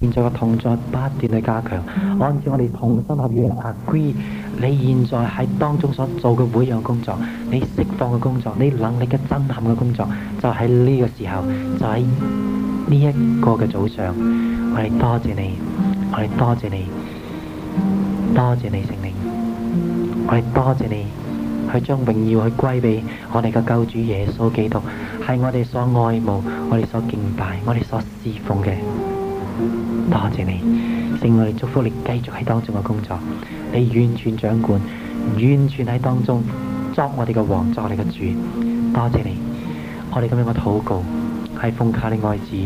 現在個同在不斷去加強，按照我哋同心合意 agree，你現在喺當中所做嘅每一樣工作，你釋放嘅工作，你能力嘅震撼嘅工作，就喺呢個時候，就喺呢一個嘅早上，我哋多謝你，我哋多謝你，多謝你，謝你聖靈，我哋多謝你，去將榮耀去歸俾我哋嘅救主耶穌基督，係我哋所愛慕，我哋所敬拜，我哋所侍奉嘅。多謝你，聖愛祝福你繼續喺當中嘅工作，你完全掌管，完全喺當中作我哋嘅王，作我哋嘅主。多謝你，我哋今日嘅禱告係奉靠你愛子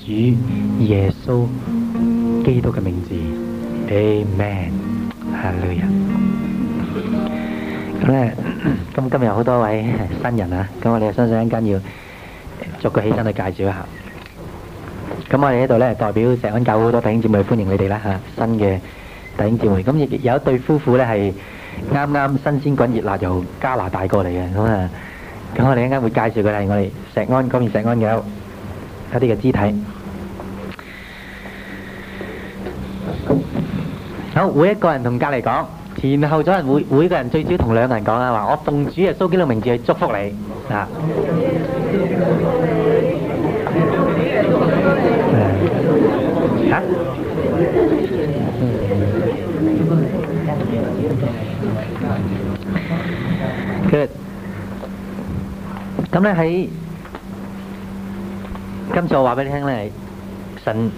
主耶穌基督嘅名字，Amen。阿女人，咁咧，咁今日有好多位新人啊，咁我哋相信一陣間要逐個起身去介紹一下。咁我哋喺度咧，代表石安教好多弟兄姊妹歡迎你哋啦嚇，新嘅弟兄姊妹。咁亦有一對夫婦咧，係啱啱新鮮滾熱辣由加拿大過嚟嘅。咁啊，咁我哋一陣間會介紹佢哋，我哋石安嗰邊石安有一啲嘅肢體。好，每一個人同隔離講，前後左右人每每個人最少同兩個人講啊，話我奉主嘅耶穌基督嘅名字去祝福你啊！啊！嗯。好。得。咁咧喺今次我話俾你聽咧，神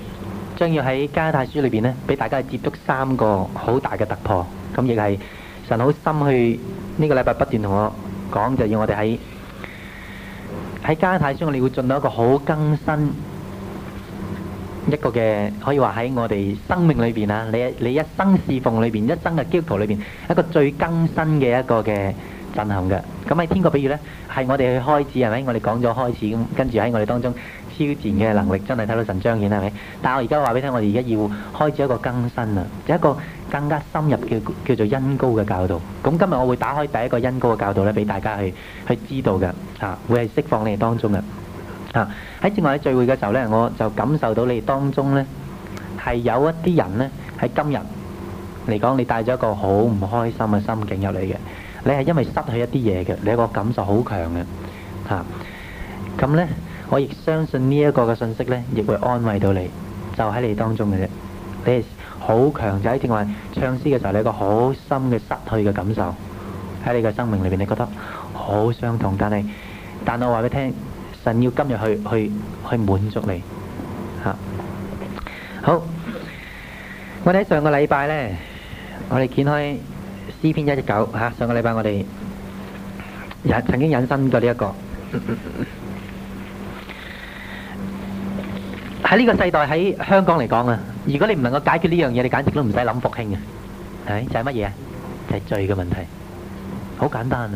將要喺加太書裏邊咧，俾大家接觸三個好大嘅突破。咁亦係神好心去呢個禮拜不斷同我講，就要我哋喺喺加太書裏邊會進到一個好更新。一個嘅可以話喺我哋生命裏邊啊，你你一生侍奉裏邊，一生嘅基督徒裏邊，一個最更新嘅一個嘅震撼嘅。咁喺天國比喻咧，係我哋去開始係咪？我哋講咗開始咁，跟住喺我哋當中挑戰嘅能力，真係睇到神彰顯係咪？但係我而家話俾你聽，我哋而家要開始一個更新啊，一個更加深入嘅叫叫做恩膏嘅教導。咁今日我會打開第一個恩膏嘅教導咧，俾大家去去知道嘅，啊，會係釋放你哋當中嘅。啊！喺正話喺聚會嘅時候咧，我就感受到你當中咧係有一啲人咧喺今日嚟講，你帶咗一個好唔開心嘅心境入嚟嘅。你係因為失去一啲嘢嘅，你個感受好強嘅。嚇！咁咧，我亦相信呢一個嘅信息咧，亦會安慰到你，就喺你當中嘅啫。你係好強仔，正話唱詩嘅時候，你一個好深嘅失去嘅感受喺你嘅生命裏邊，你覺得好傷痛。但係，但我話俾你聽。神要今日去去去滿足你，吓好。我哋喺上個禮拜咧，我哋揭開詩篇一一九吓。上個禮拜我哋引曾經引申過呢一個喺呢個世代喺香港嚟講啊，如果你唔能夠解決呢樣嘢，你簡直都唔使諗復興啊。係就係乜嘢？就係罪嘅問題，好簡單，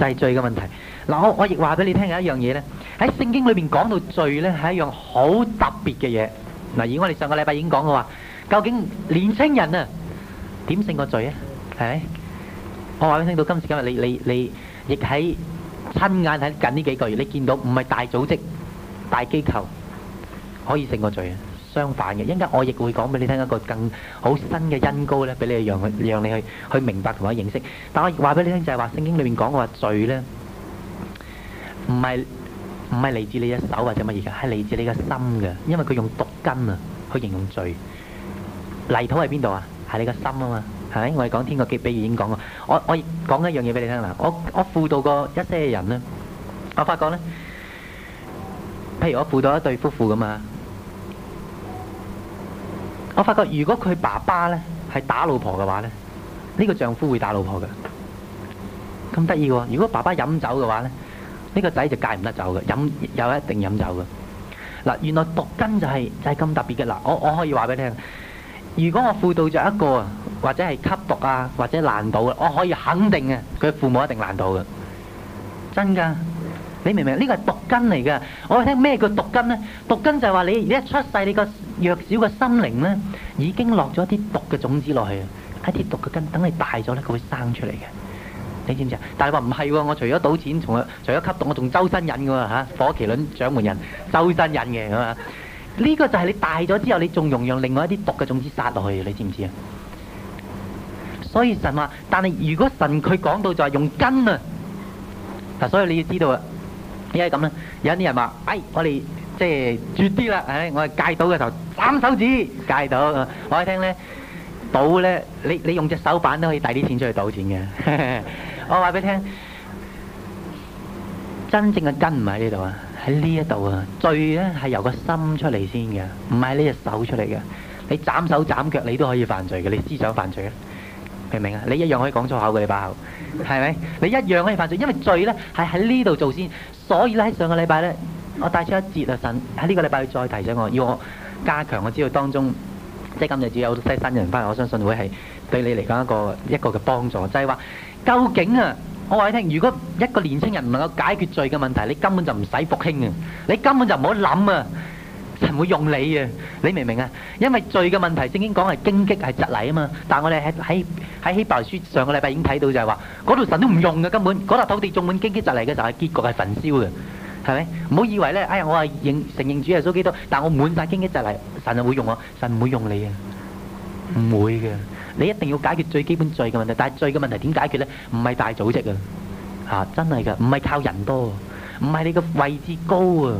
就係罪嘅問題。嗱，我我亦話俾你聽有一樣嘢咧，喺聖經裏邊講到罪咧，係一樣好特別嘅嘢。嗱，如果我哋上個禮拜已經講過話，究竟年輕人啊點勝過罪啊？係咪？我話俾你聽到今時今日，你你你亦喺親眼睇近呢幾個月，你見到唔係大組織、大機構可以勝過罪啊，相反嘅。一陣間我亦會講俾你聽一個更好新嘅恩膏咧，俾你讓讓你去去明白同埋認識。但係我話俾你聽就係話，聖經裏邊講嘅話罪咧。唔係唔係嚟自你隻手或者乜嘢嘅，係嚟自你嘅心嘅。因為佢用毒根啊，去形容罪。泥土係邊度啊？係你嘅心啊嘛，係咪？我哋講天國嘅比喻已經講過。我我講一樣嘢俾你聽啦。我我輔導過一些人咧，我發覺咧，譬如我輔導一對夫婦咁嘛，我發覺如果佢爸爸咧係打老婆嘅話咧，呢個丈夫會打老婆嘅。咁得意喎！如果爸爸飲酒嘅話咧？呢個仔就戒唔得酒嘅，飲有一定飲酒嘅。嗱，原來毒根就係就係咁特別嘅。嗱，我我可以話俾你聽，如果我輔導著一個啊，或者係吸毒啊，或者爛賭嘅，我可以肯定嘅，佢父母一定爛賭嘅。真㗎，你明唔明？呢個係毒根嚟嘅。我聽咩叫毒根呢？毒根就係話你而家出世，你個弱小嘅心靈呢，已經落咗啲毒嘅種子落去，一啲毒嘅根，等你大咗呢，佢會生出嚟嘅。你知唔知啊？但係佢話唔係喎，我除咗賭錢，從除咗吸毒，我仲周身癮嘅喎，啊啊、火麒麟掌門人周身癮嘅，啊、係、啊、嘛？呢，這個就係你大咗之後，你仲容用另外一啲毒嘅種子殺落去，你知唔知啊？所以神話，但係如果神佢講到就係用根啊，嗱，啊，所以你要知道啊，因為咁啦，有啲人話，哎，我哋即係絕啲啦，哎，我係戒賭嘅時候斬手指戒到，啊，我一聽咧賭咧，你你用隻手板都可以帶啲錢出去賭錢嘅。 我話俾你聽，真正嘅根唔喺呢度啊，喺呢一度啊，罪咧係由個心出嚟先嘅，唔係呢隻手出嚟嘅。你斬手斬腳，你都可以犯罪嘅，你思想犯罪啊？明唔明啊？你一樣可以講粗口嘅你把口，係咪？你一樣可以犯罪，因為罪咧係喺呢度做先。所以咧，喺上個禮拜咧，我帶出一節啊神，喺呢個禮拜再提醒我，要我加強我知道當中，即係今日只有新人翻嚟，我相信會係對你嚟講一個一個嘅幫助，就係話。究竟啊，我話你聽，如果一個年青人唔能夠解決罪嘅問題，你根本就唔使復興啊！你根本就唔好諗啊！神會用你嘅，你明唔明啊？因為罪嘅問題，聖經講係荊棘係蒺藜啊嘛。但係我哋喺喺喺希伯來書上個禮拜已經睇到就係話，嗰度神都唔用嘅，根本嗰笪土地種滿荊棘蒺藜嘅就係結局係焚燒嘅，係咪？唔好以為咧，哎呀，我係認承認主耶穌基督，但我滿晒荊棘蒺藜，神就會用我，神唔會用你嘅，唔會嘅。你一定要解決最基本罪嘅問題，但係罪嘅問題點解決咧？唔係大組織啊，嚇真係噶，唔係靠人多啊，唔係你個位置高啊，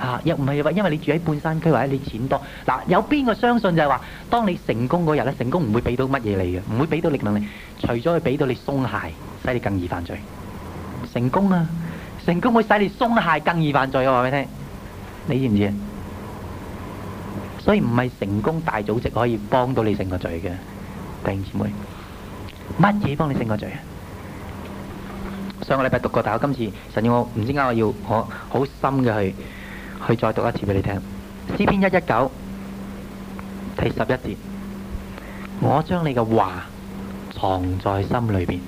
嚇又唔係話因為你住喺半山區或者你錢多嗱。有邊個相信就係話，當你成功嗰日咧，成功唔會俾到乜嘢你嘅，唔會俾到力能力，除咗佢俾到你鬆懈，使你更易犯罪。成功啊，成功會使你鬆懈，更易犯罪啊！我話俾你聽，你知唔知啊？所以唔係成功大組織可以幫到你成個罪嘅。弟兄姊妹，乜嘢幫你勝過罪啊？上個禮拜讀過，但係我今次神要我唔知點解要我好深嘅去去再讀一次俾你聽。詩篇一一九第十一節，我將你嘅話藏在心裏邊。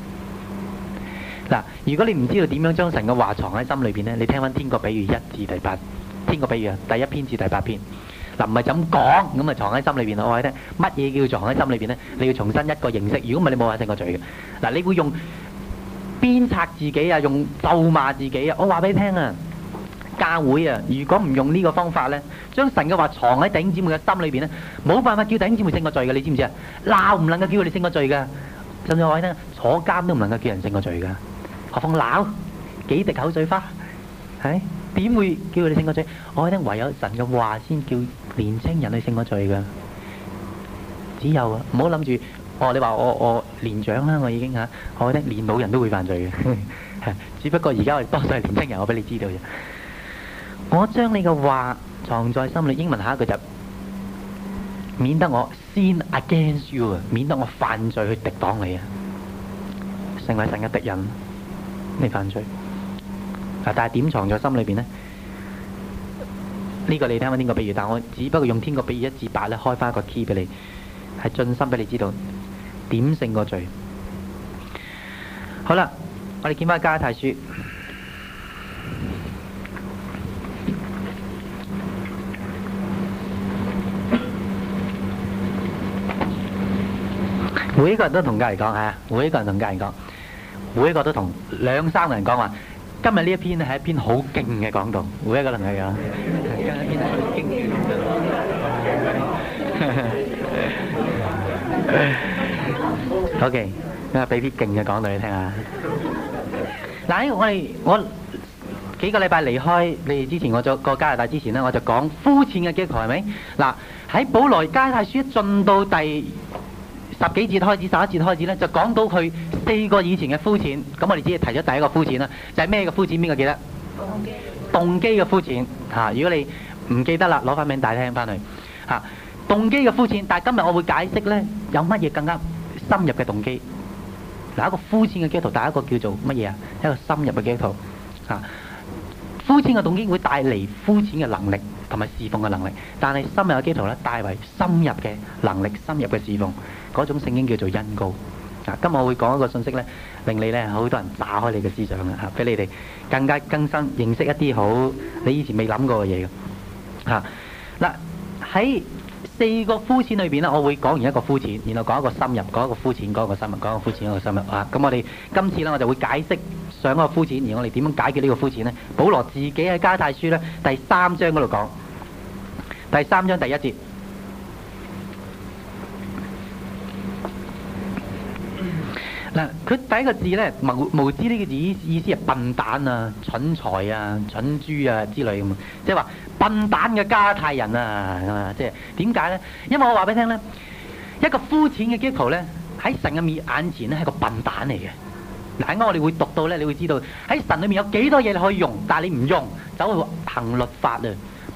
嗱，如果你唔知道點樣將神嘅話藏喺心裏邊呢？你聽翻天國比喻一至第八天國比喻啊，第一篇至第八篇。唔係咁講，咁咪藏喺心裏邊咯？我話你聽，乜嘢叫藏喺心裏邊咧？你要重新一個認識。如果唔係你冇話勝過罪嘅。嗱，你會用鞭策自己啊？用咒罵自己啊？我話俾你聽啊！教會啊，如果唔用呢個方法咧，將神嘅話藏喺弟兄姊妹嘅心裏邊咧，冇辦法叫弟兄姊妹勝過罪嘅。你知唔知啊？鬧唔能夠叫佢哋勝過罪嘅，甚至我話你聽，坐監都唔能夠叫人勝過罪嘅，何況鬧幾滴口水花，係點會叫佢哋勝過罪？我話你聽，唯有神嘅話先叫。年青人去承嗰罪噶，只有啊，唔好諗住哦。你話我我，我年長啦，我已經吓、啊，我覺得連年老人都會犯罪嘅， 只不過而家我哋多數係年青人，我俾你知道啫。我將你嘅話藏在心裏，英文下一句就，免得我 sin against you，免得我犯罪去敵擋你啊，成為神嘅敵人，你犯罪、啊、但係點藏在心裏邊呢？呢個你聽翻呢個比喻，但我只不過用天個比喻一至八咧，開翻一個 key 俾你，係盡心俾你知道點勝個罪。好啦，我哋見翻加太書，每一個人都同隔籬講啊，每一個人同隔籬講，每一個都同兩三個人講話。今日呢一篇咧係一篇好勁嘅講道，每一個同佢講。好嘅，俾啲勁嘅講到你聽啊。嗱，我哋我幾個禮拜離開你哋之前，我就過加拿大之前咧，我就講膚淺嘅鏡頭，係咪？嗱，喺《保羅加太書》進到第十幾節開始，十一節開始咧，就講到佢四個以前嘅膚淺。咁我哋只係提咗第一個膚淺啦，就係咩嘅膚淺？邊個記得？動機嘅膚淺吓，如果你唔記得啦，攞翻俾大廳翻去吓、啊。動機嘅膚淺，但係今日我會解釋呢，有乜嘢更加深入嘅動機？嗱，一個膚淺嘅基督徒，但係一個叫做乜嘢啊？一個深入嘅基督徒吓。膚淺嘅動機會帶嚟膚淺嘅能力同埋侍奉嘅能力，但係深入嘅基督徒呢，帶嚟深入嘅能力、深入嘅侍奉。嗰種聖經叫做恩膏。啊！今日我會講一個信息咧，令你咧好多人打開你嘅思想嘅嚇，俾你哋更加更新認識一啲好你以前未諗過嘅嘢嘅嚇。嗱、啊、喺四個膚淺裏邊咧，我會講完一個膚淺，然後講一個深入，講一個膚淺，講一個深入，講一個膚淺，講一個深入啊！咁我哋今次咧我就會解釋上一個膚淺，而我哋點樣解決呢個膚淺咧？保羅自己喺加泰書咧第三章嗰度講，第三章第一節。佢第一個字咧，無知呢個字意思係笨蛋啊、蠢材啊、蠢豬啊之類咁，即係話笨蛋嘅加太人啊，咁啊，即係點解咧？因為我話俾你聽咧，一個膚淺嘅基督徒咧，喺神嘅面眼前咧係個笨蛋嚟嘅。嗱，我哋會讀到咧，你會知道喺神裏面有幾多嘢你可以用，但係你唔用，走去行律法啊，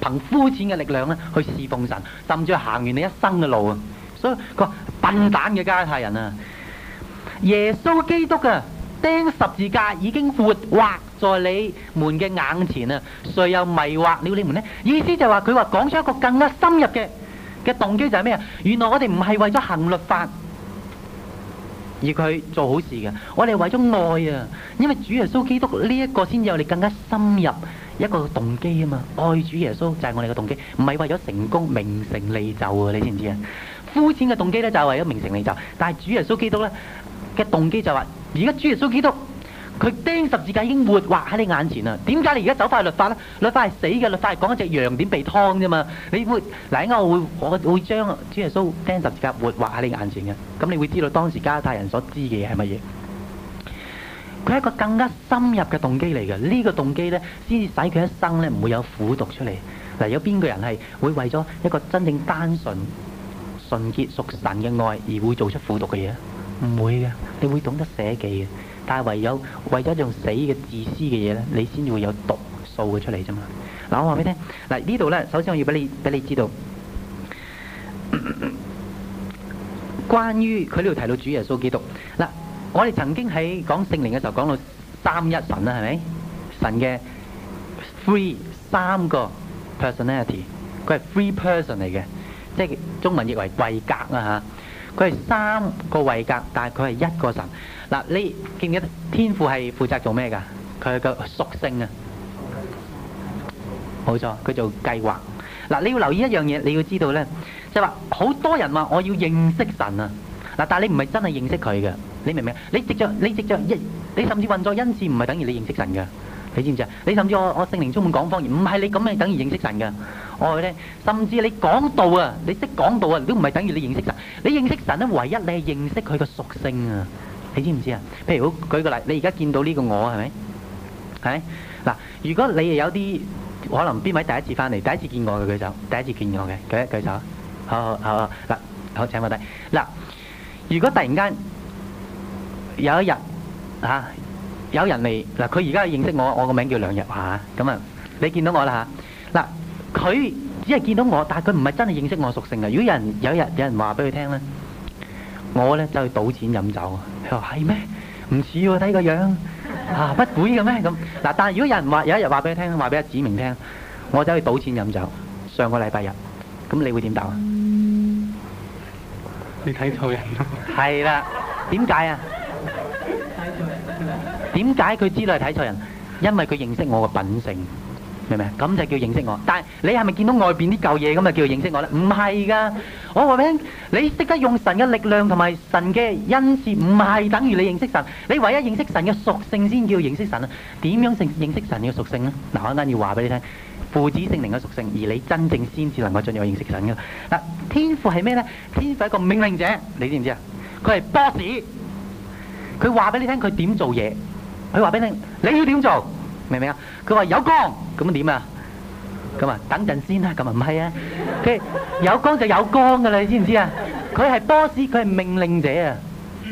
憑膚淺嘅力量咧去侍奉神，甚至去行完你一生嘅路啊。所以佢話笨蛋嘅加太人啊。耶穌基督啊，釘十字架已經活畫在你們嘅眼前啊，誰又迷惑了你們呢？意思就係話佢話講出一個更加深入嘅嘅動機就係咩啊？原來我哋唔係為咗行律法而佢做好事嘅，我哋係為咗愛啊！因為主耶穌基督呢一個先至有你更加深入一個動機啊嘛，愛主耶穌就係我哋嘅動機，唔係為咗成功名成利就啊！你知唔知啊？膚淺嘅動機咧就係為咗名成利就，但係主耶穌基督咧。嘅動機就係話，而家主耶穌基督，佢釘十字架已經活畫喺你眼前啦。點解你而家走返去律法咧？律法係死嘅，律法係講一隻羊點被劏啫嘛。你會嗱，啱我會，我會將主耶穌釘十字架活畫喺你眼前嘅。咁你會知道當時加太人所知嘅嘢係乜嘢？佢係一個更加深入嘅動機嚟嘅。呢個動機咧，先至使佢一生咧唔會有苦毒出嚟。嗱，有邊個人係會為咗一個真正單純、純潔、屬神嘅愛而會做出苦毒嘅嘢？唔會嘅，你會懂得捨己嘅，但係唯有為咗一樣死嘅自私嘅嘢咧，你先會有毒素嘅出嚟啫嘛。嗱，我話俾你聽，嗱呢度咧，首先我要俾你俾你知道，關於佢呢度提到主耶穌基督，嗱，我哋曾經喺講聖靈嘅時候講到三一神啦，係咪？神嘅 three 三個 personality，佢係 three person 嚟嘅，即係中文譯為貴格啦嚇。佢係三個位格，但係佢係一個神。嗱，你記唔記得天父係負責做咩噶？佢個屬性啊，冇錯，佢做計劃。嗱，你要留意一樣嘢，你要知道咧，就係話好多人話我要認識神啊。嗱，但係你唔係真係認識佢嘅，你明唔明？你藉著你藉著一，你甚至運作恩賜，唔係等於你認識神嘅。你知唔知啊？你甚至我我聖靈充滿講方言，唔係你咁樣等於認識神㗎。我話俾你聽，甚至你講道啊，你識講道啊，都唔係等於你認識神。你認識神咧，唯一你係認識佢嘅屬性啊。你知唔知啊？譬如好，舉個例，你而家見到呢個我係咪？係。嗱，如果你有啲可能邊位第一次翻嚟，第一次見我嘅舉手，第一次見我嘅舉舉手。好好好，嗱，好請我睇。嗱，如果突然間有一日嚇。有人嚟嗱，佢而家認識我，我個名叫梁日華，咁啊，你見到我啦嚇。嗱，佢只係見到我，但係佢唔係真係認識我屬性嘅。如果有人有一日有人話俾佢聽咧，我咧走去賭錢飲酒，佢話係咩？唔似喎，睇個樣啊，不會嘅咩咁。嗱，但係如果有人話有一日話俾佢聽，話俾阿子明聽，我走去賭錢飲酒，上個禮拜日，咁你會點答啊？你睇錯人咯。係啦，點解啊？睇錯人啦。點解佢知道你係睇錯人？因為佢認識我嘅品性，明唔明啊？咁就叫認識我。但係你係咪見到外邊啲舊嘢，咁啊？就叫認識我咧？唔係噶。我話俾你聽，你識得用神嘅力量同埋神嘅恩賜，唔係等於你認識神。你唯一認識神嘅屬性先叫認識神啊？點樣識認識神嘅屬性咧？嗱，我一陣要話俾你聽，父子聖靈嘅屬性，而你真正先至能夠進入認識神嘅。嗱，天父係咩呢？天父係個命令者，你知唔知啊？佢係 boss，佢話俾你聽佢點做嘢。佢話俾你，你要點做？明唔明啊？佢話有光，咁點啊？咁啊，等陣先啦。咁啊唔係啊，佢有光就有光噶啦，你知唔知啊？佢係 boss，佢係命令者啊！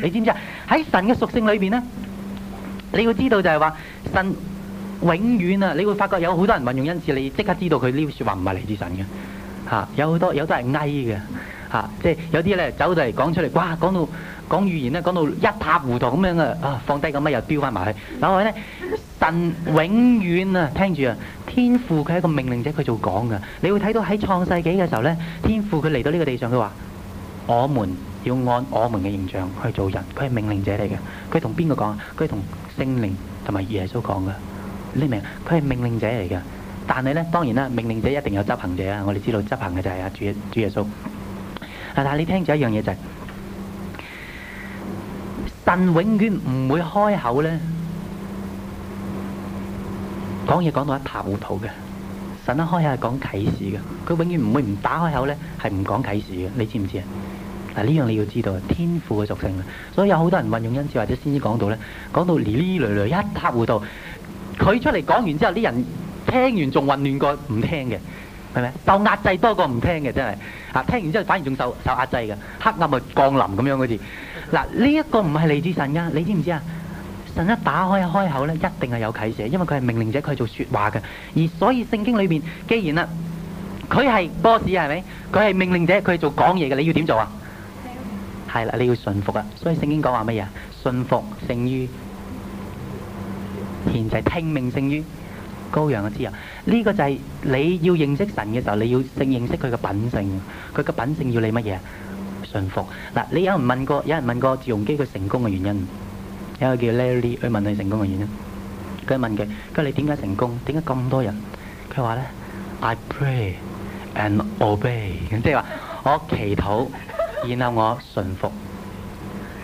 你知唔知啊？喺神嘅屬性裏邊咧，你要知道就係話神永遠啊，你會發覺有好多人運用恩賜，你即刻知道佢呢句説話唔係嚟自神嘅嚇。有好多有啲係偽嘅嚇，即係有啲咧走就嚟講出嚟，哇講到～講語言咧，講到一塌糊塗咁樣啊！啊，放低咁咪，又丟翻埋去。嗱，我咧神永遠啊，聽住啊，天父佢係一個命令者，佢做講噶。你會睇到喺創世紀嘅時候咧，天父佢嚟到呢個地上，佢話：我們要按我們嘅形象去做人。佢係命令者嚟嘅，佢同邊個講啊？佢同聖靈同埋耶穌講噶，你明？佢係命令者嚟嘅。但係咧，當然啦，命令者一定有執行者啊！我哋知道執行嘅就係啊主主耶穌。啊，但係你聽住一樣嘢就係。但永遠唔會開口咧，講嘢講到一塌糊塗嘅。神一開口係講啟示嘅，佢永遠唔會唔打開口咧係唔講啟示嘅，你知唔知啊？嗱，呢樣你要知道天賦嘅屬性啦。所以有好多人運用恩賜或者先至講到咧，講到嚟嚟來來一塌糊塗，佢出嚟講完之後，啲人聽完仲混亂過唔聽嘅，明唔明？受壓制多過唔聽嘅真係，啊聽完之後反而仲受受壓制嘅，黑暗啊降臨咁樣嗰次。嗱，呢一，這個唔係嚟自神噶，你知唔知啊？神一打開一開口咧，一定係有啟示，因為佢係命令者，佢係做説話嘅。而所以聖經裏邊，既然啦，佢係 boss 係咪？佢係命令者，佢係做講嘢嘅。你要點做啊？係啦，嗯，你要順服啊。所以聖經講話乜嘢啊？順服勝於獻祭，聽命勝於羔羊嘅脂油，呢，這個就係你要認識神嘅時候，你要正認識佢嘅品性。佢嘅品性要你乜嘢？順服嗱，你有人問過，有人問過趙容基佢成功嘅原因，有個叫 Larry 去問佢成功嘅原因，佢問佢，佢話你點解成功？點解咁多人？佢話咧，I pray and obey，即係話我祈禱，然後我順服，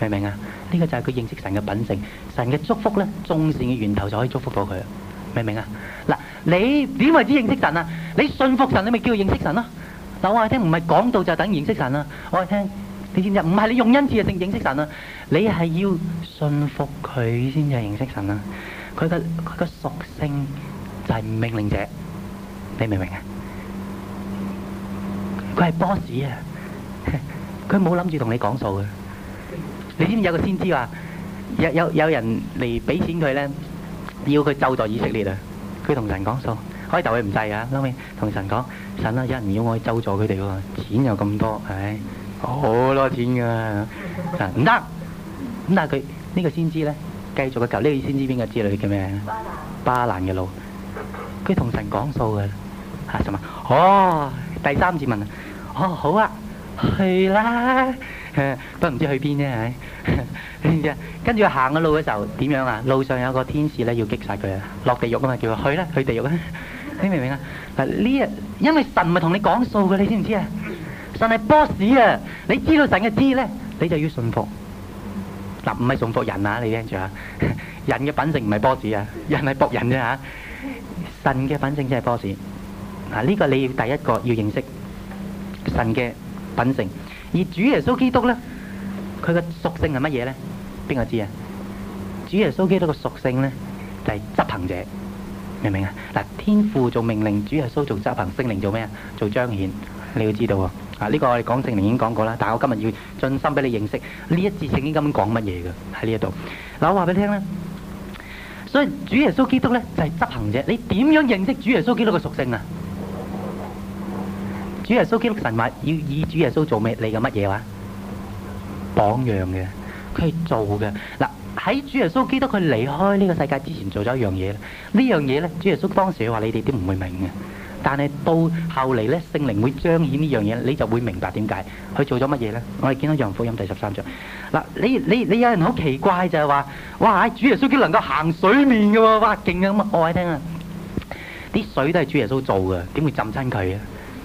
明唔明啊？呢個就係佢認識神嘅品性，神嘅祝福咧，眾善嘅源頭就可以祝福到佢，明唔明啊？嗱，你點為之認識神啊？你信服神，你咪叫認識神咯。嗱，我話你聽唔係講道就等認識神啊！我話你聽，你知唔知啊？唔係你用恩賜啊，正認識神啊！你係要信服佢先至係認識神啊！佢個佢個屬性就係命令者，你明唔明啊？佢係 boss 啊！佢冇諗住同你講數嘅。你知唔知有個先知話有有有人嚟俾錢佢咧，要佢就坐以色列啊！佢同人講數。開頭佢唔制啊，後尾同神講，神啊，有人要我周助佢哋喎，錢又咁多，係咪好多錢㗎？神唔得，咁但係佢呢個先知咧，繼續嘅時候呢個先知邊個之類嘅咩？巴蘭嘅路，佢同神講數嘅，嚇神問：哦，第三次問啊，哦好啊，去啦，不過唔知去邊啫，係。跟住跟住行嘅路嘅時候點樣啊？路上有個天使咧，要擊殺佢啊！落地獄啊嘛，叫佢去啦，去地獄啦！你明唔明啊？嗱，呢日因為神唔係同你講數嘅，你知唔知啊？神係 boss 啊，你知道神嘅知咧，你就要順服。嗱、啊，唔係順服人啊，你聽住啊。人嘅品性唔係 boss 啊，人係僕人啫吓、啊。神嘅品性先係 boss。嗱、啊，呢、這個你要第一個要認識神嘅品性。而主耶穌基督咧，佢嘅屬性係乜嘢咧？邊個知啊？主耶穌基督嘅屬性咧，就係、是、執行者。明唔明啊？嗱，天父做命令，主耶穌做執行，聖靈做咩啊？做彰顯，你要知道喎。啊，呢個我哋講聖靈已經講過啦，但係我今日要盡心俾你認識呢一節聖經根本講乜嘢嘅喺呢一度。嗱，我話俾你聽啦，所以主耶穌基督咧就係執行者，你點樣認識主耶穌基督嘅屬性啊？主耶穌基督神話要以主耶穌做咩？你嘅乜嘢話？榜樣嘅，佢係做嘅。嗱。喺主耶穌基督佢離開呢個世界之前做咗一樣嘢，呢樣嘢呢，主耶穌當時佢話你哋都唔會明嘅，但係到後嚟呢，聖靈會彰顯呢樣嘢，你就會明白點解佢做咗乜嘢呢。我哋見到《約翰福音》第十三章。嗱，你你你有人好奇怪就係話，哇！主耶穌基督能夠行水面噶喎，哇，勁啊！咁啊，我話你聽啊，啲水都係主耶穌做噶，點會浸親佢啊？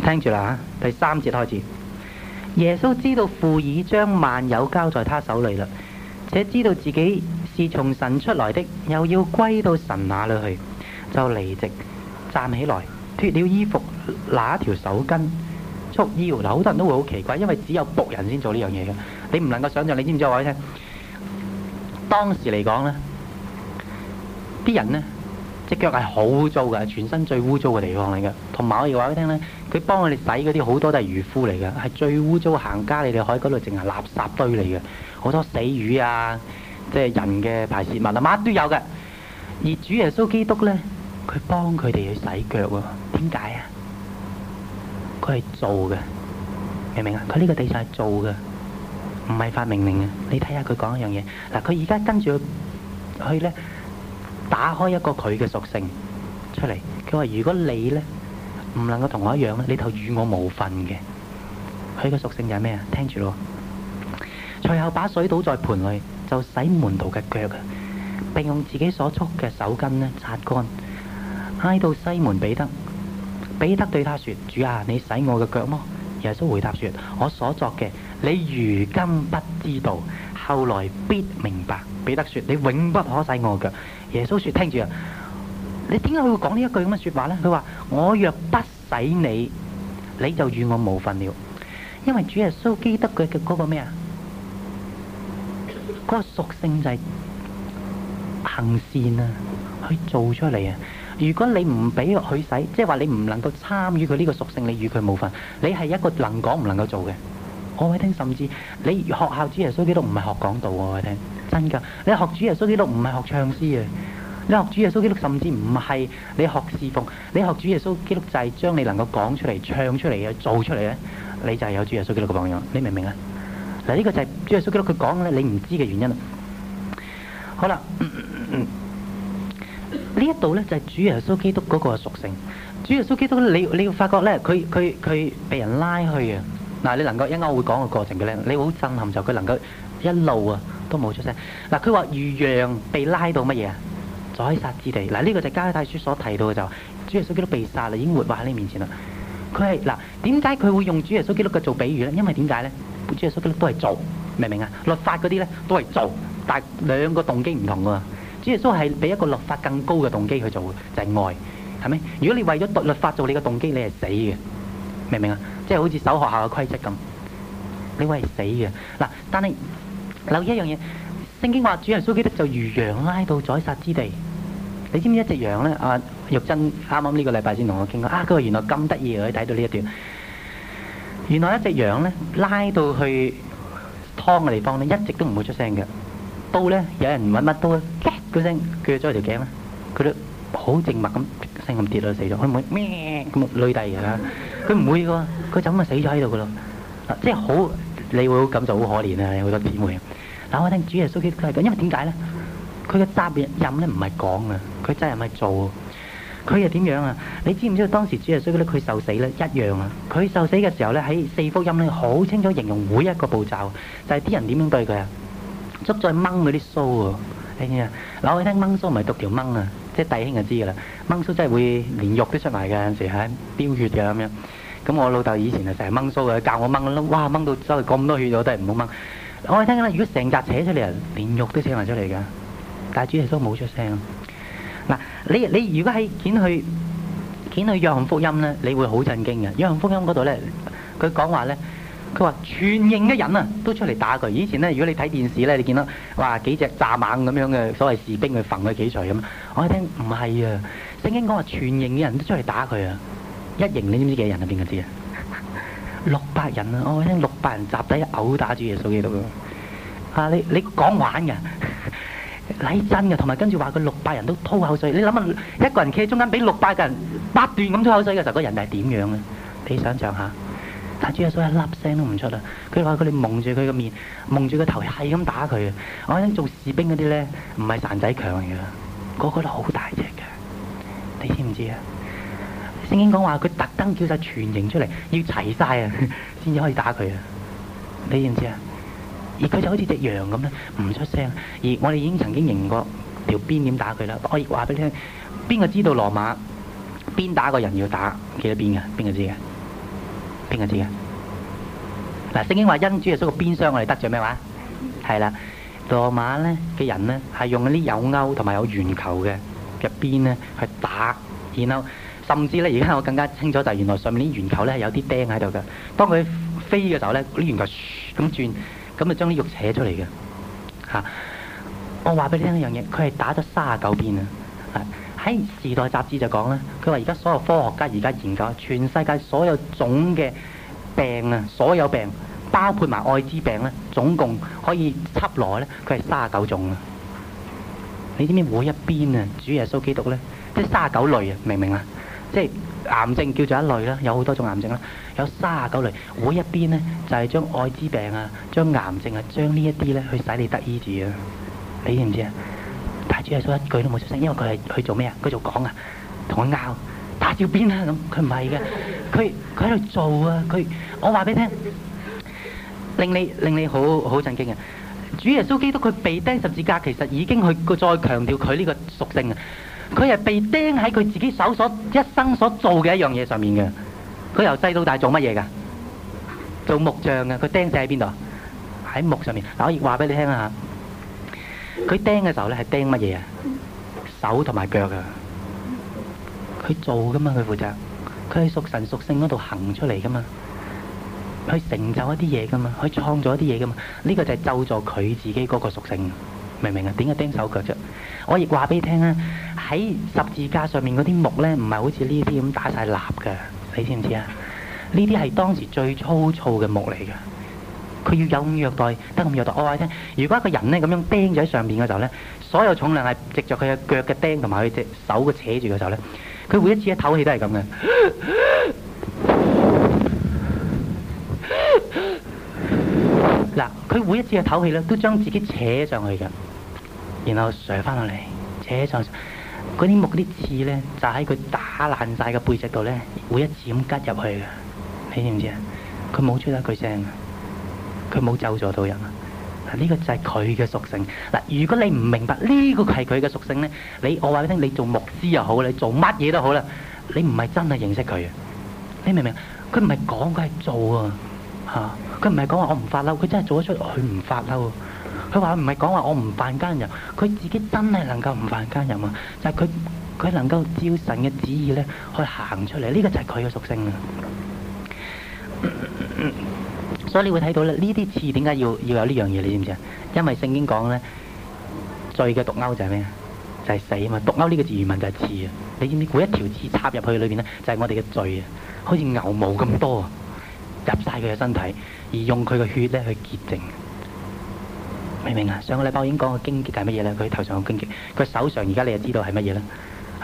聽住啦吓，第三節開始。耶穌知道父已將萬有交在他手裏啦，且知道自己是從神出來的，又要歸到神那裏去，就離席站起來，脱了衣服，拿條手巾，束腰。嗱，好多人都會好奇怪，因為只有僕人先做呢樣嘢嘅，你唔能夠想象。你知唔知我話你聽？當時嚟講呢啲人呢。只隻腳係好污糟嘅，全身最污糟嘅地方嚟嘅。同埋我哋話畀你聽咧，佢幫我哋洗嗰啲好多都係漁夫嚟嘅，係最污糟行家。你哋喺嗰度淨係垃圾堆嚟嘅，好多死魚啊，即係人嘅排泄物啊，乜都有嘅。而主耶穌基督咧，佢幫佢哋去洗腳喎。點解啊？佢係做嘅，明唔明啊？佢呢個地上係做嘅，唔係發命令啊。你睇下佢講一樣嘢嗱，佢而家跟住去咧。打開一個佢嘅屬性出嚟。佢話：如果你呢唔能夠同我一樣，你就與我無份嘅。佢嘅屬性就係咩啊？聽住咯。隨後把水倒在盆裏，就洗門徒嘅腳啊，並用自己所束嘅手巾呢擦乾。挨到西門彼得，彼得對他說：主啊，你洗我嘅腳麼？耶穌回答說：我所作嘅，你如今不知道，後來必明白。彼得說：你永不可洗我嘅腳。耶穌說：聽住啊，你點解會講呢一句咁嘅説話呢？佢話：我若不洗你，你就與我無份了。因為主耶穌基督嘅嘅嗰個咩啊，嗰個屬性就係行善啊，去做出嚟啊。如果你唔俾佢洗，即係話你唔能夠參與佢呢個屬性，你與佢無份。你係一個能講唔能夠做嘅。我會聽，甚至你學校主耶穌基督唔係學講道喎，我會聽。真噶，你學主耶穌基督唔係學唱詩啊！你學主耶穌基督，甚至唔係你學侍奉，你學主耶穌基督就係將你能夠講出嚟，唱出嚟，嘅做出嚟咧，你就係有主耶穌基督嘅榜樣。你明唔明啊？嗱，呢個就係主耶穌基督佢講咧，你唔知嘅原因啦。好啦，呢一度咧就係主耶穌基督嗰個屬性。主耶穌基督，你你要發覺咧，佢佢佢被人拉去啊！嗱，你能夠一陣我會講個過程嘅咧，你會好震撼就佢能夠。一路啊，都冇出聲。嗱，佢話：如羊被拉到乜嘢啊？宰殺之地。嗱，呢個就係加拉太書所提到嘅，就主耶穌基督都被殺啦，已經活畫喺你面前啦。佢係嗱，點解佢會用主耶穌基督嘅做比喻咧？因為點解咧？主耶穌基督都係做，明唔明啊？律法嗰啲咧都係做，但兩個動機唔同噶。主耶穌係俾一個律法更高嘅動機去做，就係愛，係咪？如果你為咗律法做你嘅動機，你係死嘅，明唔明啊？即係好似守學校嘅規則咁，你會係死嘅嗱。但係。留意一樣嘢，聖經話主耶穌基督就如羊拉到宰殺之地，你知唔知一隻羊咧？啊，玉珍啱啱呢個禮拜先同我傾過啊，佢話原來咁得意，我睇到呢一段。原來一隻羊咧拉到去劏嘅地方咧，一直都唔會出聲嘅。刀咧有人揾乜刀啊？嗰聲鋸咗佢條頸啦，佢都好靜默咁，聲咁跌落去死咗，佢唔會咩？佢冇累滯㗎，佢唔會嘅喎，佢就咁死咗喺度嘅咯，啊，即係好。你會好咁就好可憐啊！有好多姊妹啊，嗱我聽。主耶穌佢佢係咁，因為點解咧？佢嘅責任咧唔係講啊，佢責任係做。佢係點樣啊？你知唔知道當時主耶穌咧佢受死咧一樣啊！佢受死嘅時候咧喺四福音咧好清楚形容每一個步驟。就係啲人點樣對佢啊？捉再掹嗰啲鬚喎，哎呀，嗱我聽掹鬚唔係逐條掹啊！即係弟兄就知噶啦，掹鬚真係會連肉都出埋嘅，有時係飆血嘅咁樣。咁我老豆以前啊成日掹鬚嘅，教我掹，哇掹到周圍咁多血，我都係唔好掹。我哋聽啦，如果成扎扯出嚟啊，連肉都扯埋出嚟噶，但係主要都冇出聲。嗱、啊，你你如果喺見去見去約翰福音咧，你會好震驚嘅。約翰福音嗰度咧，佢講話咧，佢話全營嘅人啊都出嚟打佢。以前咧，如果你睇電視咧，你見到哇幾隻蚱蜢咁樣嘅所謂士兵去焚佢幾錘咁。我哋聽唔係啊，聖經講話全營嘅人都出嚟打佢啊。一型你知唔知幾人啊？邊嗰知？啊？六百人啊！我聽六百人集體毆打主耶穌基督啊！你你講玩㗎，偽、啊、真㗎，同埋跟住話佢六百人都吐口水。你諗下，一個人企喺中間俾六百個人不斷咁吐口水嘅時候，個人係點樣啊？你想像下，但主耶穌一粒聲都唔出啊！佢話佢哋蒙住佢個面，蒙住個頭係咁打佢啊！我聽做士兵嗰啲咧，唔係散仔強嘅，㗎，個個都好大隻嘅，你知唔知啊？聖經講話佢特登叫晒全營出嚟，要齊晒啊，先至可以打佢啊！你知唔知啊？而佢就好似隻羊咁咧，唔出聲。而我哋已經曾經贏過條鞭點打佢啦。我亦話俾你聽，邊個知道羅馬鞭打個人要打幾多鞭嘅？邊個知嘅？邊個知嘅？嗱，聖經話因主啊，受個鞭傷我哋得著咩話？係啦，羅馬咧嘅人咧係用嗰啲有勾同埋有圓球嘅入鞭咧去打，然後。甚至咧，而家我更加清楚就係、是、原來上面啲圓球咧係有啲釘喺度嘅。當佢飛嘅時候咧，啲圓球咁轉，咁就將啲肉扯出嚟嘅嚇。我話俾你聽一樣嘢，佢係打咗三啊九鞭啊。喺《時代雜誌》就講啦，佢話而家所有科學家而家研究全世界所有種嘅病啊，所有病包括埋愛滋病咧，總共可以輯落嚟咧，佢係三啊九種啊。你知唔知每一邊啊，主要係蘇基讀咧，即係三啊九類啊，明唔明啊？即係癌症叫做一類啦，有好多種癌症啦，有三啊九類。我一邊咧就係、是、將艾滋病啊、將癌症啊、將呢一啲咧去使你得醫治啊。你知唔知啊？但係主耶穌一句都冇出聲，因為佢係去做咩啊？佢做講啊，同佢拗打照面啊？」咁。佢唔係嘅，佢佢喺度做啊。佢我話俾你聽，令你令你好好震驚啊。主耶穌基督佢被釘十字架，其實已經去再強調佢呢個屬性啊。佢係被釘喺佢自己手所一生所做嘅一樣嘢上面嘅。佢由細到大做乜嘢噶？做木匠嘅，佢釘死喺邊度啊？喺木上面。嗱，我話俾你聽啊，佢釘嘅時候咧係釘乜嘢啊？手同埋腳噶！佢做噶嘛，佢負責。佢喺屬神屬性嗰度行出嚟噶嘛？去成就一啲嘢噶嘛？去創造一啲嘢噶嘛？呢、呢個就係就住佢自己嗰個屬性。明唔明啊？點解釘手腳啫？我亦話俾你聽啊！喺十字架上面嗰啲木咧，唔係好似呢啲咁打晒蠟嘅，你知唔知啊？呢啲係當時最粗糙嘅木嚟嘅。佢要有咁虐待，得咁虐待。我話你聽，如果一個人咧咁樣釘咗喺上邊嘅時候咧，所有重量係藉着佢嘅腳嘅釘同埋佢隻手嘅扯住嘅時候咧，佢每一次一唞氣都係咁嘅。嗱， 佢每一次嘅唞氣咧，都將自己扯上去嘅。然後鋤翻落嚟，扯上嗰啲木啲刺咧，就喺佢打爛晒嘅背脊度咧，會一次咁㓤入去嘅，你知唔知啊？佢冇出得佢聲啊，佢冇咒詛到人啊！嗱，呢個就係佢嘅屬性。嗱，如果你唔明白、這個、呢個係佢嘅屬性咧，你我話俾你聽，你做牧師又好，你做乜嘢都好啦，你唔係真係認識佢嘅。你明唔明？佢唔係講，佢係做啊！嚇，佢唔係講話我唔發嬲，佢真係做得出，佢唔發嬲。佢話唔係講話我唔犯奸淫，佢自己真係能夠唔犯奸淫啊！就係佢佢能夠照神嘅旨意咧去行出嚟，呢、這個就係佢嘅屬性啊、嗯嗯！所以你會睇到咧，呢啲刺點解要要有呢樣嘢？你知唔知啊？因為聖經講咧，罪嘅毒鈎就係咩啊？就係、是、死啊嘛！毒鈎呢個字原文就係刺啊！你知唔知每一條刺插入去裏邊咧，就係、是、我哋嘅罪啊！好似牛毛咁多，入晒佢嘅身體，而用佢嘅血咧去潔淨。明明啊？上個禮拜我已經講過荊棘係乜嘢啦？佢頭上個荊棘，佢手上而家你就知道係乜嘢啦？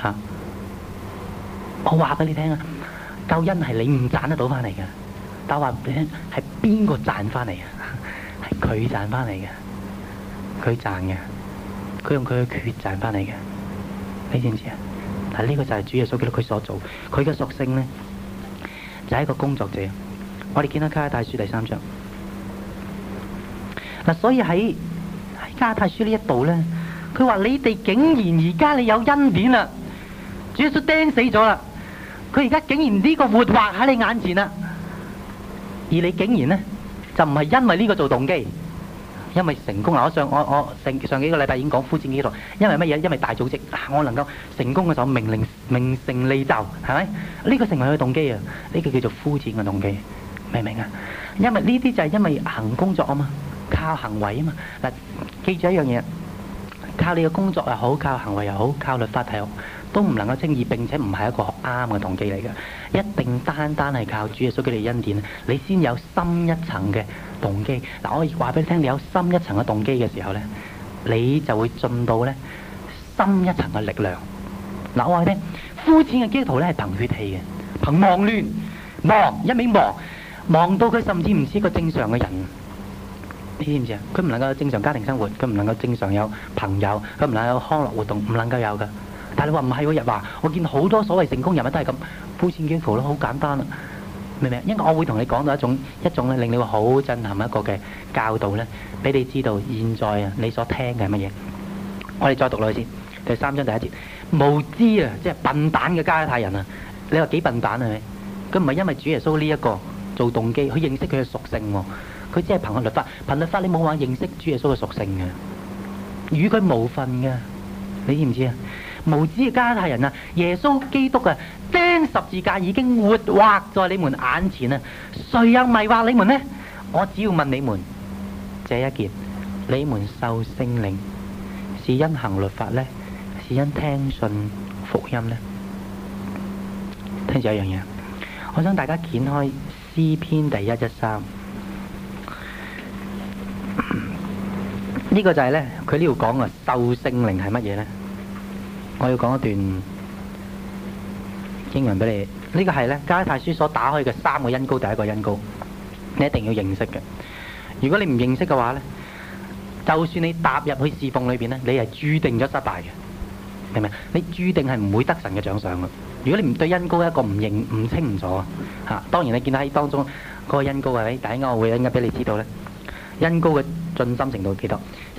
吓、啊，我話俾你聽啊，救恩係你唔賺得到翻嚟噶，但我話俾你聽，係邊個賺翻嚟啊？係佢賺翻嚟嘅，佢賺嘅，佢用佢嘅血賺翻嚟嘅，你知唔知啊？但呢個就係主耶穌基督佢所做，佢嘅屬性咧就係、是、一個工作者。我哋見到《加拉太書》第三章。嗱，所以喺喺加拉太書呢一度咧，佢話：你哋竟然而家你有恩典啦，主都釘死咗啦，佢而家竟然呢個活畫喺你眼前啦，而你竟然咧就唔係因為呢個做動機，因為成功。我上我我上上幾個禮拜已經講膚淺嘅嘢，因為乜嘢？因為大組織，我能夠成功嘅時候，名成利就係咪？呢個成為佢動機啊！呢個叫做膚淺嘅動機，明唔明啊？因為呢啲就係因為行工作啊嘛。靠行為啊嘛。嗱，記住一樣嘢，靠你嘅工作又好，靠行為又好，靠律法題目都唔能夠稱義，並且唔係一個學啱嘅動機嚟嘅。一定單單係靠主耶穌給你恩典，你先有深一層嘅動機。嗱，我可以話俾你聽，你有深一層嘅動機嘅時候咧，你就會進到咧深一層嘅力量。嗱，我話你聽，膚淺嘅基督徒咧係憑血氣嘅，憑忙亂忙一味忙忙到佢甚至唔似一個正常嘅人。你知唔知啊？佢唔能夠正常家庭生活，佢唔能夠正常有朋友，佢唔能夠有康樂活動，唔能夠有噶。但係你話唔係嗰日華，我見好多所謂成功人物都係咁膚淺幾條咯，好簡單啊，明唔明？因為我會同你講到一種一種咧，令你會好震撼一個嘅教導咧，俾你知道現在啊，你所聽嘅係乜嘢。我哋再讀落去先，第三章第一節，無知啊，即係笨蛋嘅加拉太人啊！你話幾笨蛋係咪？佢唔係因為主耶穌呢一個做動機，去認識佢嘅屬性喎。佢只係憑個律法，憑律法你冇話認識主耶穌嘅屬性嘅，與佢無份嘅，你知唔知啊？無知嘅加太人啊！耶穌基督啊，釘十字架已經活畫在你們眼前啊！誰又迷惑你們呢？我只要問你們這一件：你們受聖靈是因行律法呢，是因聽信福音呢？聽住一樣嘢，我想大家掀開詩篇第一一三。呢個就係咧，佢呢度講啊，受聖靈係乜嘢咧？我要講一段英文俾你。呢個係咧，加太書所打開嘅三個恩膏，第一個恩膏，你一定要認識嘅。如果你唔認識嘅話咧，就算你踏入去侍奉裏邊咧，你係註定咗失敗嘅，明唔明？你註定係唔會得神嘅獎賞嘅。如果你唔對恩膏一個唔認唔清唔楚嚇，當然你見到喺當中嗰個恩膏係咪？第一我會啲嘢俾你知道咧，恩膏嘅盡心程度幾多？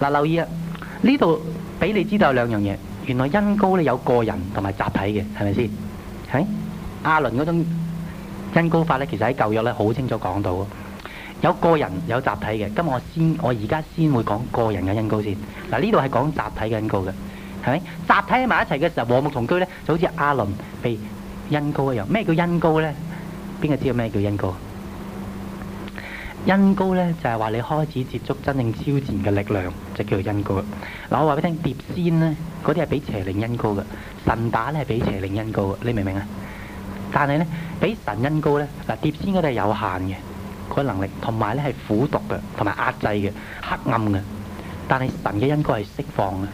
嗱，留意啊！呢度俾你知道有兩樣嘢，原來恩膏咧有個人同埋集體嘅，係咪先？係阿倫嗰種恩膏法咧，其實喺舊約咧好清楚講到，啊。有個人有集體嘅。今日我先，我而家先會講個人嘅恩膏先。嗱，呢度係講集體嘅恩膏嘅，係咪？集體喺埋一齊嘅時候和睦同居咧，就好似阿倫被恩膏一樣。咩叫恩膏咧？邊個知道咩叫恩膏？恩膏咧就係話你開始接觸真正超前嘅力量，即係叫做恩膏。嗱，我話俾你聽，碟仙咧嗰啲係比邪靈恩膏嘅，神打咧係比邪靈恩膏嘅，你明唔明啊？但係咧比神恩膏咧，嗱，碟仙嗰啲係有限嘅，佢嘅能力同埋咧係苦毒嘅，同埋壓制嘅，黑暗嘅。但係神嘅恩膏係釋放嘅。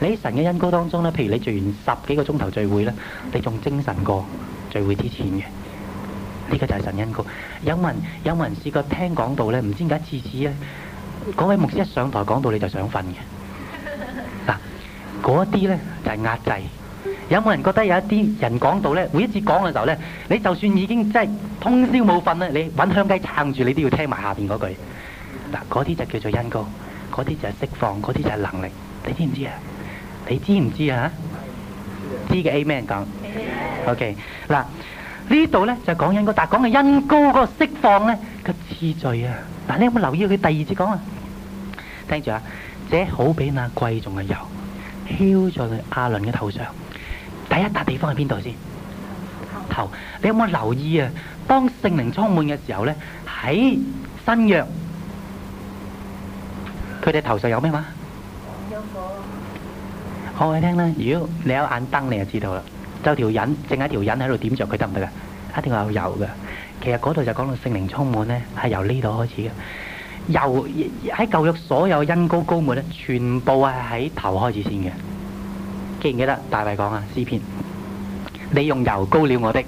你喺神嘅恩膏當中咧，譬如你做完十幾個鐘頭聚會咧，你仲精神過聚會之前嘅。呢個就係神恩膏。有冇人有冇人試過聽講道咧？唔知點解次次咧，嗰位牧師一上台講道你就想瞓嘅嗱，嗰啲咧就係壓制。有冇人覺得有一啲人講道咧，每一次講嘅時候咧，你就算已經即係通宵冇瞓咧，你揾香雞撐住你都要聽埋下邊嗰句嗱，嗰啲就叫做恩膏，嗰啲就係釋放，嗰啲就係能力。你知唔知啊？你知唔知啊？知嘅 Amen 講，OK 嗱。呢度咧就講恩膏，但講嘅恩膏嗰個釋放咧個次序啊！嗱，你有冇留意佢第二節講啊？聽住啊，這好比那貴重嘅油，撻在亞倫嘅頭上。第一笪地方係邊度先？頭，你有冇留意啊？當聖靈充滿嘅時候咧，喺新約，佢哋頭上有咩話？有火，我哋聽啦，如果你有眼燈，你就知道啦。有條人，正係條人喺度點着佢得唔得啊？一定有油噶其實嗰度就講到聖靈充滿咧，係由呢度開始嘅。又喺舊約所有恩膏膏滿咧，全部係喺頭開始先嘅。記唔記得大衛講啊？詩篇，你用油膏了我的，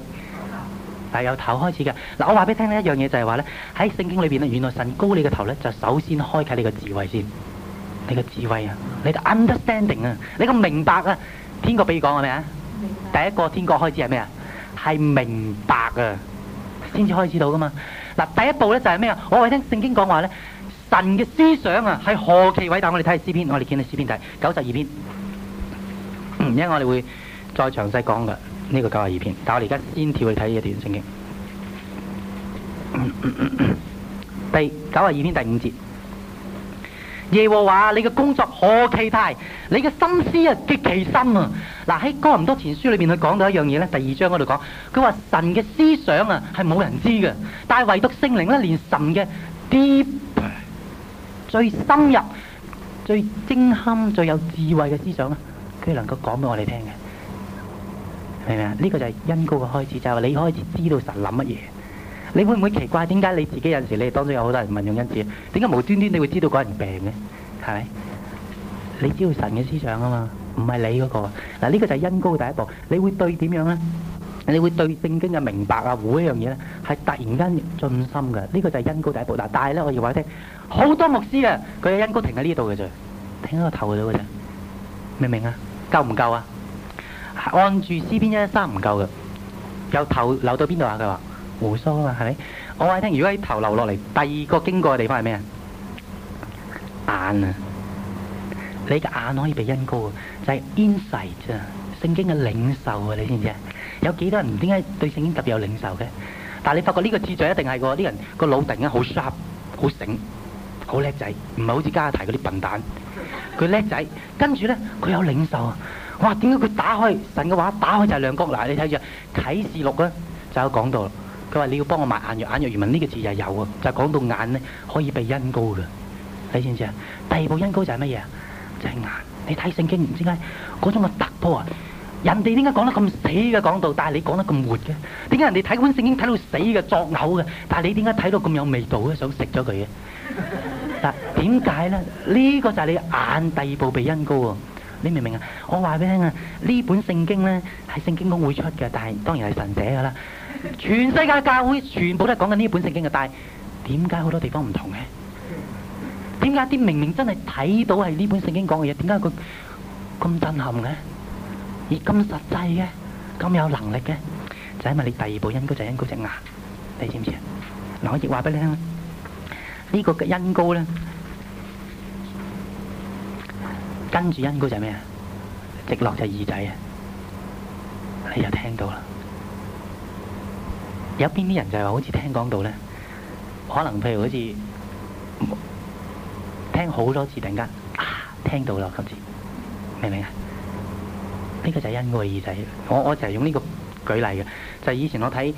係由頭開始嘅。嗱，我話俾你聽咧，一樣嘢就係話咧，喺聖經裏邊咧，原來神膏你個頭咧，就首先開啟你個智慧先，你個智慧啊，你個 understanding 啊，你個明白啊，天哥俾你講係咪啊？第一個天國開始係咩啊？係明白噶，先至開始到噶嘛。嗱，第一步咧就係咩啊？我係聽聖經講話咧，神嘅思想啊係何其偉大。我哋睇下詩篇，我哋見下詩篇第九十二篇。嗯，因為我哋會再詳細講噶呢個九十二篇，但係我哋而家先跳去睇呢一段聖經。第九十二篇第五節。耶和華，你嘅工作何其大，你嘅心思啊極其深啊！嗱，喺《哥林多前書》裏邊佢講到一樣嘢咧，第二章嗰度講，佢話神嘅思想啊係冇人知嘅，但係唯獨聖靈咧，連神嘅啲最深入、最精深、最有智慧嘅思想啊，佢能夠講俾我哋聽嘅，明唔明啊？呢、這個就係恩膏嘅開始，就係、是、話你可以知道神諗乜嘢。你會唔會奇怪點解你自己有時你當中有好多人問用恩賜，點解無端端你會知道嗰人病嘅？係咪？你知道神嘅思想啊嘛？唔係你嗰、那個嗱，呢、這個就係恩膏嘅第一步。你會對點樣咧？你會對聖經嘅明白啊，每一樣嘢咧，係突然間進心嘅。呢、這個就係恩膏第一步嗱。但係咧，我要話你聽，好多牧師啊，佢嘅恩膏停喺呢度嘅啫，停喺個頭度嘅啫，明唔明啊？夠唔夠啊？按住詩篇一一三唔夠嘅，由頭流到邊度啊？佢話。胡鬚啊嘛，係咪？我話你聽，如果喺頭流落嚟，第二個經過嘅地方係咩啊？眼啊！你嘅眼可以俾恩膏啊，就係、是、insight 啫。聖經嘅領受啊，你知唔知啊？有幾多人點解對聖經特別有領受嘅？但係你發覺呢個智障一定係個啲人個腦突然間好 sharp、好醒、好叻仔，唔係好似家下提嗰啲笨蛋。佢叻仔，跟住咧佢有領受、啊。哇！點解佢打開神嘅話，打開就係兩角嗱？你睇住啊，《啟示錄》啊，就有講到。佢話你要幫我買眼藥，眼藥原文呢、這個字又有啊。就係、是、講到眼咧可以被恩膏嘅，你知唔知啊？第二部恩膏就係乜嘢啊？就係、是、眼，你睇聖經唔知解嗰種嘅突破啊！人哋點解講得咁死嘅講道？但係你講得咁活嘅？點解人哋睇本聖經睇到死嘅作嘔嘅，但係你點解睇到咁有味道咧？想食咗佢嘅？嗱，點解咧？呢個就係你眼第二部被恩膏啊。你明唔明啊？我話俾你聽啊，本聖呢本聖經咧係聖經公會出嘅，但係當然係神寫嘅啦。全世界教會全部都係講緊呢本聖經嘅，但係點解好多地方唔同嘅？點解啲明明真係睇到係呢本聖經講嘅嘢，點解佢咁震撼嘅？而咁實際嘅、咁有能力嘅，就係、是、因為你第二部恩膏就係恩膏隻嘢，你知唔知啊？嗱，我亦話俾你聽，呢、這個嘅恩膏咧，跟住恩膏就係咩啊？直落就耳仔啊，你又聽到啦。有邊啲人就係話好似聽講到咧，可能譬如好似聽好多次，突然間啊聽到啦，今次，明唔明啊？呢個就係因個耳仔，我我就係用呢個舉例嘅。就係、是、以前我睇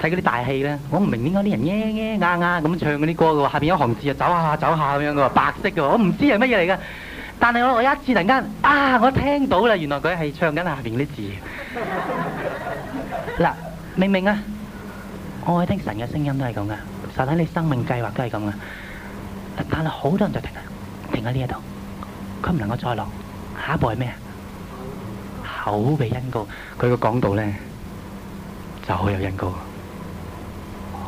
睇嗰啲大戲咧，我唔明點解啲人嘰嘰呀呀咁唱嗰啲歌嘅喎，下邊有一行字走啊走下走下咁樣嘅，白色嘅喎，我唔知係乜嘢嚟嘅。但係我我一次突然間啊，我聽到啦，原來佢係唱緊下邊啲字。嗱、啊，明唔明啊？我去聽神嘅聲音都係咁噶，甚至你生命計劃都係咁噶，但係好多人就停啦，停喺呢一度，佢唔能夠再落，下一步係咩啊？好嘅恩膏，佢嘅講道咧就好有恩膏，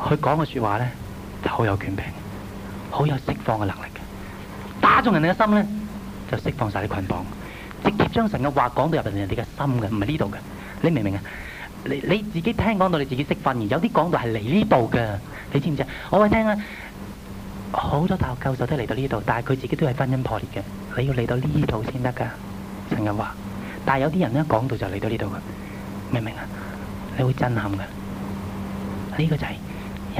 佢講嘅說話咧就好有權柄，好有釋放嘅能力，打中人哋嘅心咧就釋放晒啲捆綁，直接將神嘅話講到入人哋嘅心嘅，唔係呢度嘅，你明唔明啊？你你自己聽講到你自己識分，而有啲講到係嚟呢度嘅，你知唔知啊？我話你聽啦，好多大學教授都嚟到呢度，但係佢自己都係婚姻破裂嘅。你要嚟到呢度先得噶，陳日華。但係有啲人咧講到就嚟到呢度嘅，明唔明啊？你會震撼嘅。呢、這個就係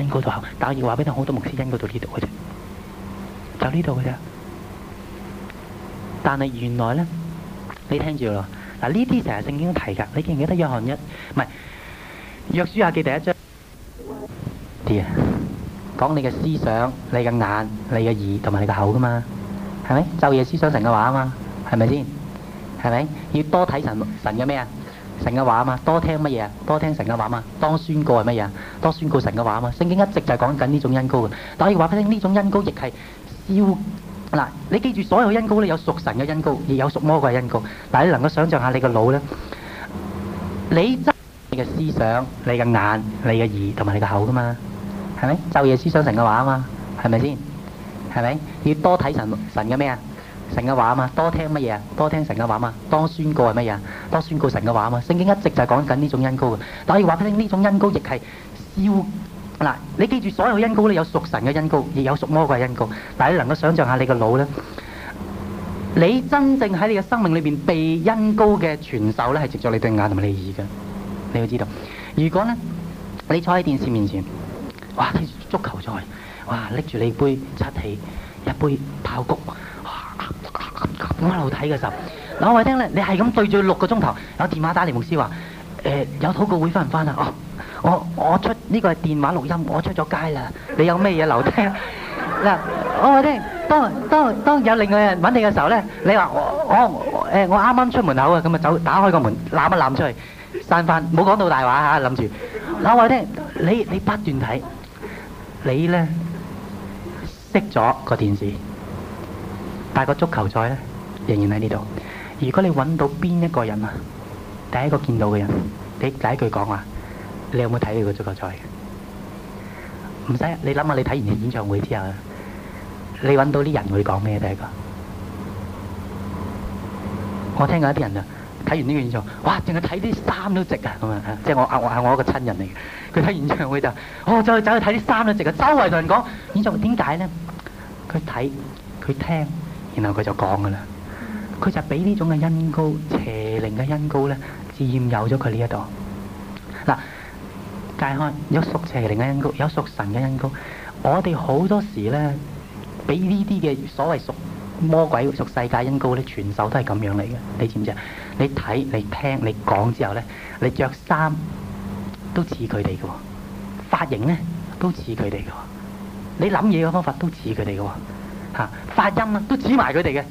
因果結合，但係打電話俾好多牧師因嗰度呢度嘅啫，就呢度嘅啫。但係原來咧，你聽住咯。嗱呢啲成日聖經都提噶，你記唔記得約翰一唔係約書亞記第一章啲啊？講你嘅思想、你嘅眼、你嘅耳同埋你嘅口噶嘛？係咪？晝夜思想神嘅話啊嘛？係咪先？係咪？要多睇神神嘅咩啊？神嘅話啊嘛，多聽乜嘢啊？多聽神嘅話啊嘛，多宣告係乜嘢啊？多宣告神嘅話啊嘛。聖經一直就係講緊呢種恩膏嘅，但係要話俾你聽，呢種恩膏亦係要。嗱，你記住所有恩膏咧，有屬神嘅恩膏，亦有屬魔鬼嘅恩膏。但係，你能夠想象下你個腦咧，你周嘅思想、你嘅眼、你嘅耳同埋你嘅口噶嘛，係咪？晝夜思想神嘅話啊嘛，係咪先？係咪？要多睇神神嘅咩啊？神嘅話啊嘛，多聽乜嘢啊？多聽神嘅話嘛，多宣告係乜嘢？多宣告神嘅話啊嘛。聖經一直就係講緊呢種恩膏嘅，但係話畀你聽，呢種恩膏亦係要。嗱，你記住，所有恩膏咧，有屬神嘅恩膏，亦有屬魔鬼嘅恩膏。但係，你能夠想象下你個腦咧，你真正喺你嘅生命裏面被恩膏嘅傳授咧，係藉助你對眼同埋你耳嘅。你要知道，如果咧你坐喺電視面前，哇，足球賽，哇，拎住你杯七喜，一杯爆谷，哇哇哇，咁樣一路睇嘅時候，嗱，我哋聽咧，你係咁對住六個鐘頭，有電話打嚟，牧師話，誒，有禱告會返唔返啊？哦。我我出呢個係電話錄音，我出咗街啦。你有咩嘢留低啊？嗱，我話聽，當當當有另外人揾你嘅時候咧，你話我我誒我啱啱出門口啊，咁啊走，打開個門攬一攬，出去，閂翻，冇講到大話嚇，諗住。我話聽，你你不斷睇，你咧熄咗個電視，但係個足球賽咧仍然喺呢度。如果你揾到邊一個人啊，第一個見到嘅人，你第一句講話。你有冇睇呢個足球賽嘅？唔使，你諗下，你睇完嘅演唱會之後，你揾到啲人會講咩？第一個，我聽過一啲人就睇完呢個演唱會，哇！淨係睇啲衫都值啊咁樣啊，即係我係我一個親人嚟嘅，佢睇演唱會就，哦，走去走去睇啲衫都值啊！周圍同人講演唱會點解咧？佢睇佢聽，然後佢就講噶啦。佢就俾呢種嘅恩膏邪靈嘅恩膏咧，佔有咗佢呢一度。嗱。大看有屬邪靈嘅恩膏，有屬神嘅恩膏。我哋好多時咧，俾呢啲嘅所謂屬魔鬼、屬世界恩膏咧，全首都係咁樣嚟嘅。你知唔知啊？你睇、你聽、你講之後咧，你着衫都似佢哋嘅，髮型咧都似佢哋嘅，你諗嘢嘅方法都似佢哋嘅，嚇、啊、發音啊都似埋佢哋嘅，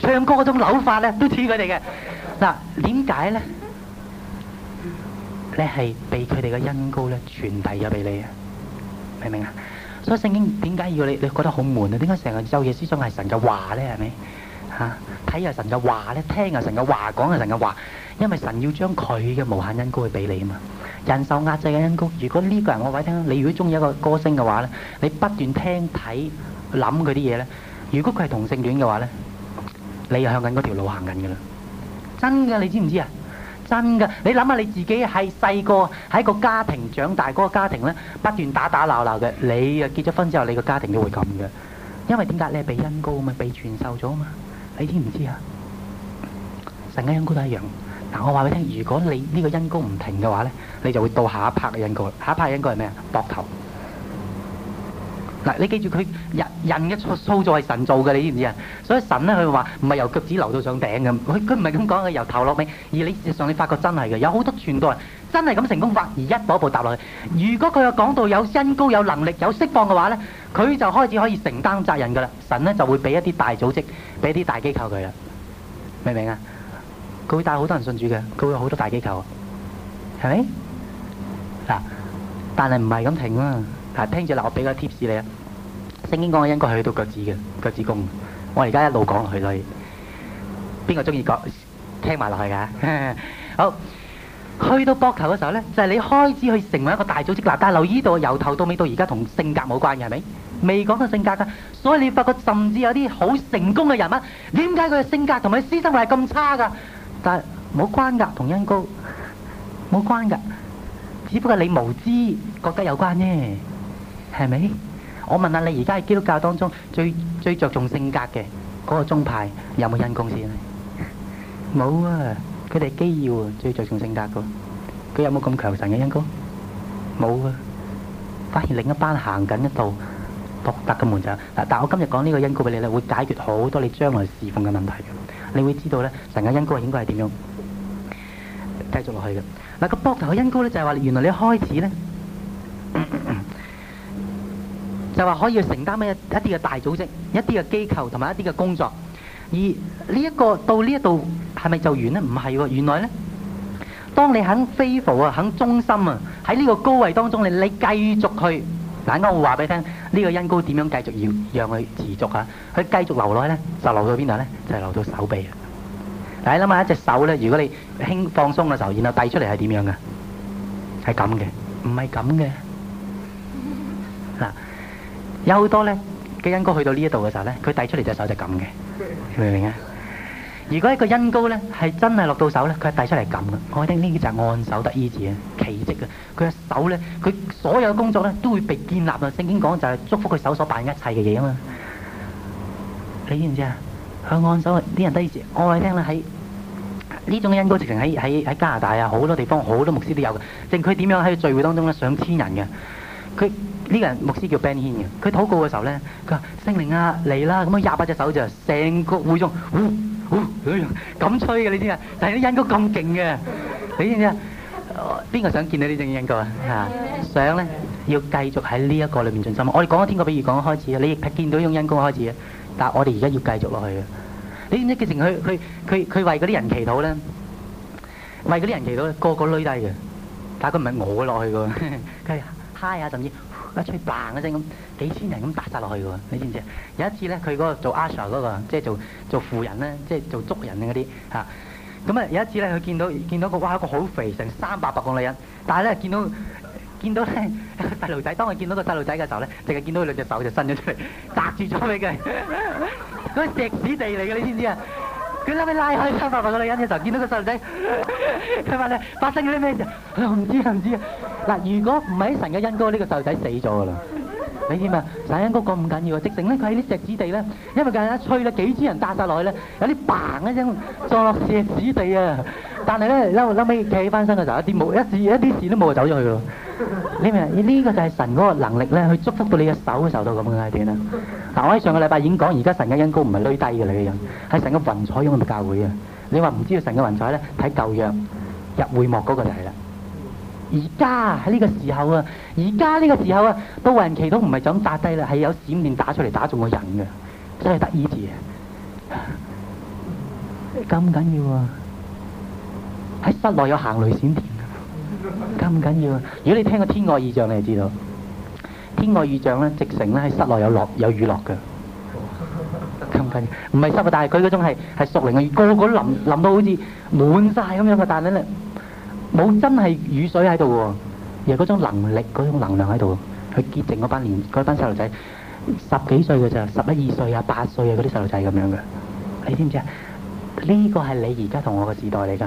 唱歌嗰種扭法咧都似佢哋嘅。嗱、啊，點解咧？你係被佢哋嘅恩膏咧，傳遞咗俾你啊！明唔明啊？所以聖經點解要你？你覺得好悶啊？點解成日晝夜思想係神嘅話咧？係咪？嚇、啊！睇下神嘅話咧，聽下神嘅話，講下神嘅話，因為神要將佢嘅無限恩膏去俾你啊嘛！人受壓制嘅恩膏，如果呢個人我講俾你聽，你如果中意一個歌星嘅話咧，你不斷聽睇諗嗰啲嘢咧，如果佢係同性戀嘅話咧，你又向緊嗰條路行緊嘅啦！真嘅，你知唔知啊？真噶，你諗下你自己係細個喺個家庭長大嗰、那個家庭咧，不斷打打鬧鬧嘅，你啊結咗婚之後，你個家庭都會咁嘅，因為點解你係被恩膏咪被傳授咗嘛？你知唔知啊？神嘅恩膏都一樣。嗱，我話俾你聽，如果你呢個恩膏唔停嘅話咧，你就會到下一 part 嘅恩膏。下一 part 嘅恩膏係咩啊？膊頭。嗱，你記住佢人人嘅操作係神做嘅，你知唔知啊？所以神咧佢話唔係由腳趾流到上頂嘅，佢佢唔係咁講嘅，由頭落尾。而你事實上，你發覺真係嘅，有好多傳道人真係咁成功法，而一步一步踏落去。如果佢有講到有身高、有能力、有釋放嘅話咧，佢就開始可以承擔責任㗎啦。神咧就會俾一啲大組織、俾啲大機構佢啦，明唔明啊？佢會帶好多人信主嘅，佢會有好多大機構，係咪？嗱，但係唔係咁停啊？但係，聽住嗱，我俾個 tips 你啊。聖經講嘅應該係去到腳趾嘅腳趾公。我而家一路講落去啦，邊個中意講聽埋落去㗎？好，去到膊頭嘅時候咧，就係你開始去成為一個大組織啦。但係留意到由頭到尾到而家同性格冇關，係咪？未講到性格㗎，所以你發覺甚至有啲好成功嘅人物，點解佢嘅性格同佢私生活係咁差㗎？但係冇關㗎，同恩膏冇關㗎，只不過你無知覺得有關呢。係咪？我問下你，而家喺基督教當中最最着重性格嘅嗰個宗派，有冇恩膏先？冇啊！佢哋基要啊，最着重性格噶。佢有冇咁強神嘅恩膏？冇啊！發現另一班行緊一道，獨特嘅門就嗱。但係我今日講呢個恩膏俾你咧，會解決好多你將來侍奉嘅問題嘅。你會知道咧，神嘅恩膏應該係點樣繼續落去嘅嗱。個膊頭嘅恩膏咧，就係話原來你一開始咧。就話可以去承擔乜一啲嘅大組織、一啲嘅機構同埋一啲嘅工作，而呢一個到呢一度係咪就完咧？唔係喎，原來咧，當你肯飛馭啊、肯忠心啊，喺呢個高位當中，你你繼續去，嗱，我話俾你聽，呢個恩膏點樣繼續要讓佢持續啊，佢繼續留落去咧，就留到邊度咧？就留到手臂啊！你諗下，一隻手咧，如果你輕放鬆嘅時候，然後遞出嚟係點樣嘅？係咁嘅，唔係咁嘅。有好多咧嘅恩膏去到呢一度嘅時候咧，佢遞出嚟隻手就咁嘅，明唔明啊？如果一個恩膏咧係真係落到手咧，佢係遞出嚟咁嘅。我聽呢啲就係按手得醫治啊，奇蹟啊！佢嘅手咧，佢所有工作咧都會被建立啊。聖經講就係祝福佢手所辦一切嘅嘢啊嘛。你知唔知啊？佢按手，啲人得醫治。我話你聽啦，喺呢種嘅恩膏，直情喺喺喺加拿大啊，好多地方好多牧師都有嘅。甚至佢點樣喺聚會當中咧，上千人嘅佢。呢個人牧師叫 Ben Hian 嘅，佢禱告嘅時候咧，佢話：聖靈啊，嚟啦！咁啊，廿八隻手就成個會眾，呼呼，咁吹嘅你知啊！但係啲恩膏咁勁嘅，你知唔知啊？邊個想見到啊？呢種恩膏啊？嚇！想咧，要繼續喺呢一個裏面進深。我哋講咗天國比喻講開始啦，你亦係見到呢種恩膏開始嘅。但係我哋而家要繼續落去嘅。你知唔知變成佢佢佢佢為嗰啲人祈禱咧？為嗰啲人祈禱咧，個個累低嘅，但係佢唔係餓落去嘅，佢係 high 下甚至。一吹嘭一聲，咁、啊，幾千人咁打殺落去嘅喎，你知唔知啊？有一次咧，佢嗰、那個做阿 Sir 嗰個，即係做做婦人咧，即係做捉人嘅嗰啲嚇。咁啊、嗯、有一次咧，佢見到見到、那個哇一、那個好肥成三百八個女人，但係咧見到見到咧細路仔，當佢見到個細路仔嘅時候咧，淨係見到佢兩隻手就伸咗出嚟，擲住咗俾佢嗰石屎地嚟嘅，你知唔知啊？佢嬲尾拉開三百個女人嘅時候，見到個細路仔，佢話咧發生咗啲咩事？唔知啊，唔知啊！嗱，如果唔係喺神嘅恩膏，呢個細路仔死咗噶啦！你知嘛？神恩膏咁唔緊要，直情咧佢喺啲石子地咧，因為近日一吹咧，幾千人打曬落去咧，有啲 bang 一聲，坐落石子地啊！但係咧嬲嬲尾企起翻身嘅時候，一啲冇一事一啲事都冇，就走咗去咯。你明呢個就係神嗰個能力咧，去祝福到你嘅手受到咁嘅一點啦。嗱， 我喺上個禮拜已經講，而家神嘅恩膏唔係攞低你嘅人，係神嘅雲彩擁住教會啊。你話唔知道神嘅雲彩咧，睇舊約入會幕嗰個就係啦。而家喺呢個時候啊，而家呢個時候啊，到為人祈禱唔係想打低啦，係有閃電打出嚟打中個人嘅，真係得意字啊！咁 緊要啊！喺室內有行雷閃電。咁唔緊要啊！如果你聽過天外異象，你就知道天外異象咧，直情咧喺室內有落有雨落嘅。咁緊要？唔係濕啊，但係佢嗰種係係屬靈嘅雨，個個淋淋到好似滿晒咁樣嘅，但係咧冇真係雨水喺度喎，而係嗰種能力嗰種能量喺度，去潔淨嗰班年嗰班細路仔十幾歲嘅咋，十一二歲啊、八歲啊嗰啲細路仔咁樣嘅。你知唔知啊？呢、呢個係你而家同我嘅時代嚟㗎。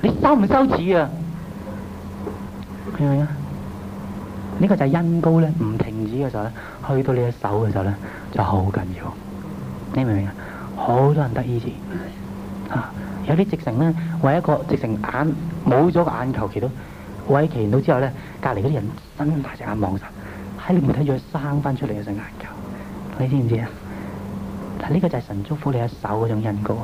你羞唔羞恥啊？你明唔明啊？呢、這個就係恩膏咧，唔停止嘅時候咧，去到你嘅手嘅時候咧，就好緊要。你明唔明啊？好多人得醫治、啊，有啲直程咧，為一個直程眼冇咗個眼球，祈到，我喺祈到之後咧，隔籬嗰啲人伸大隻眼望實，喺你面睇住佢生翻出嚟有隻眼球，你知唔知啊？但、這、呢個就係神祝福你嘅手嗰種恩膏。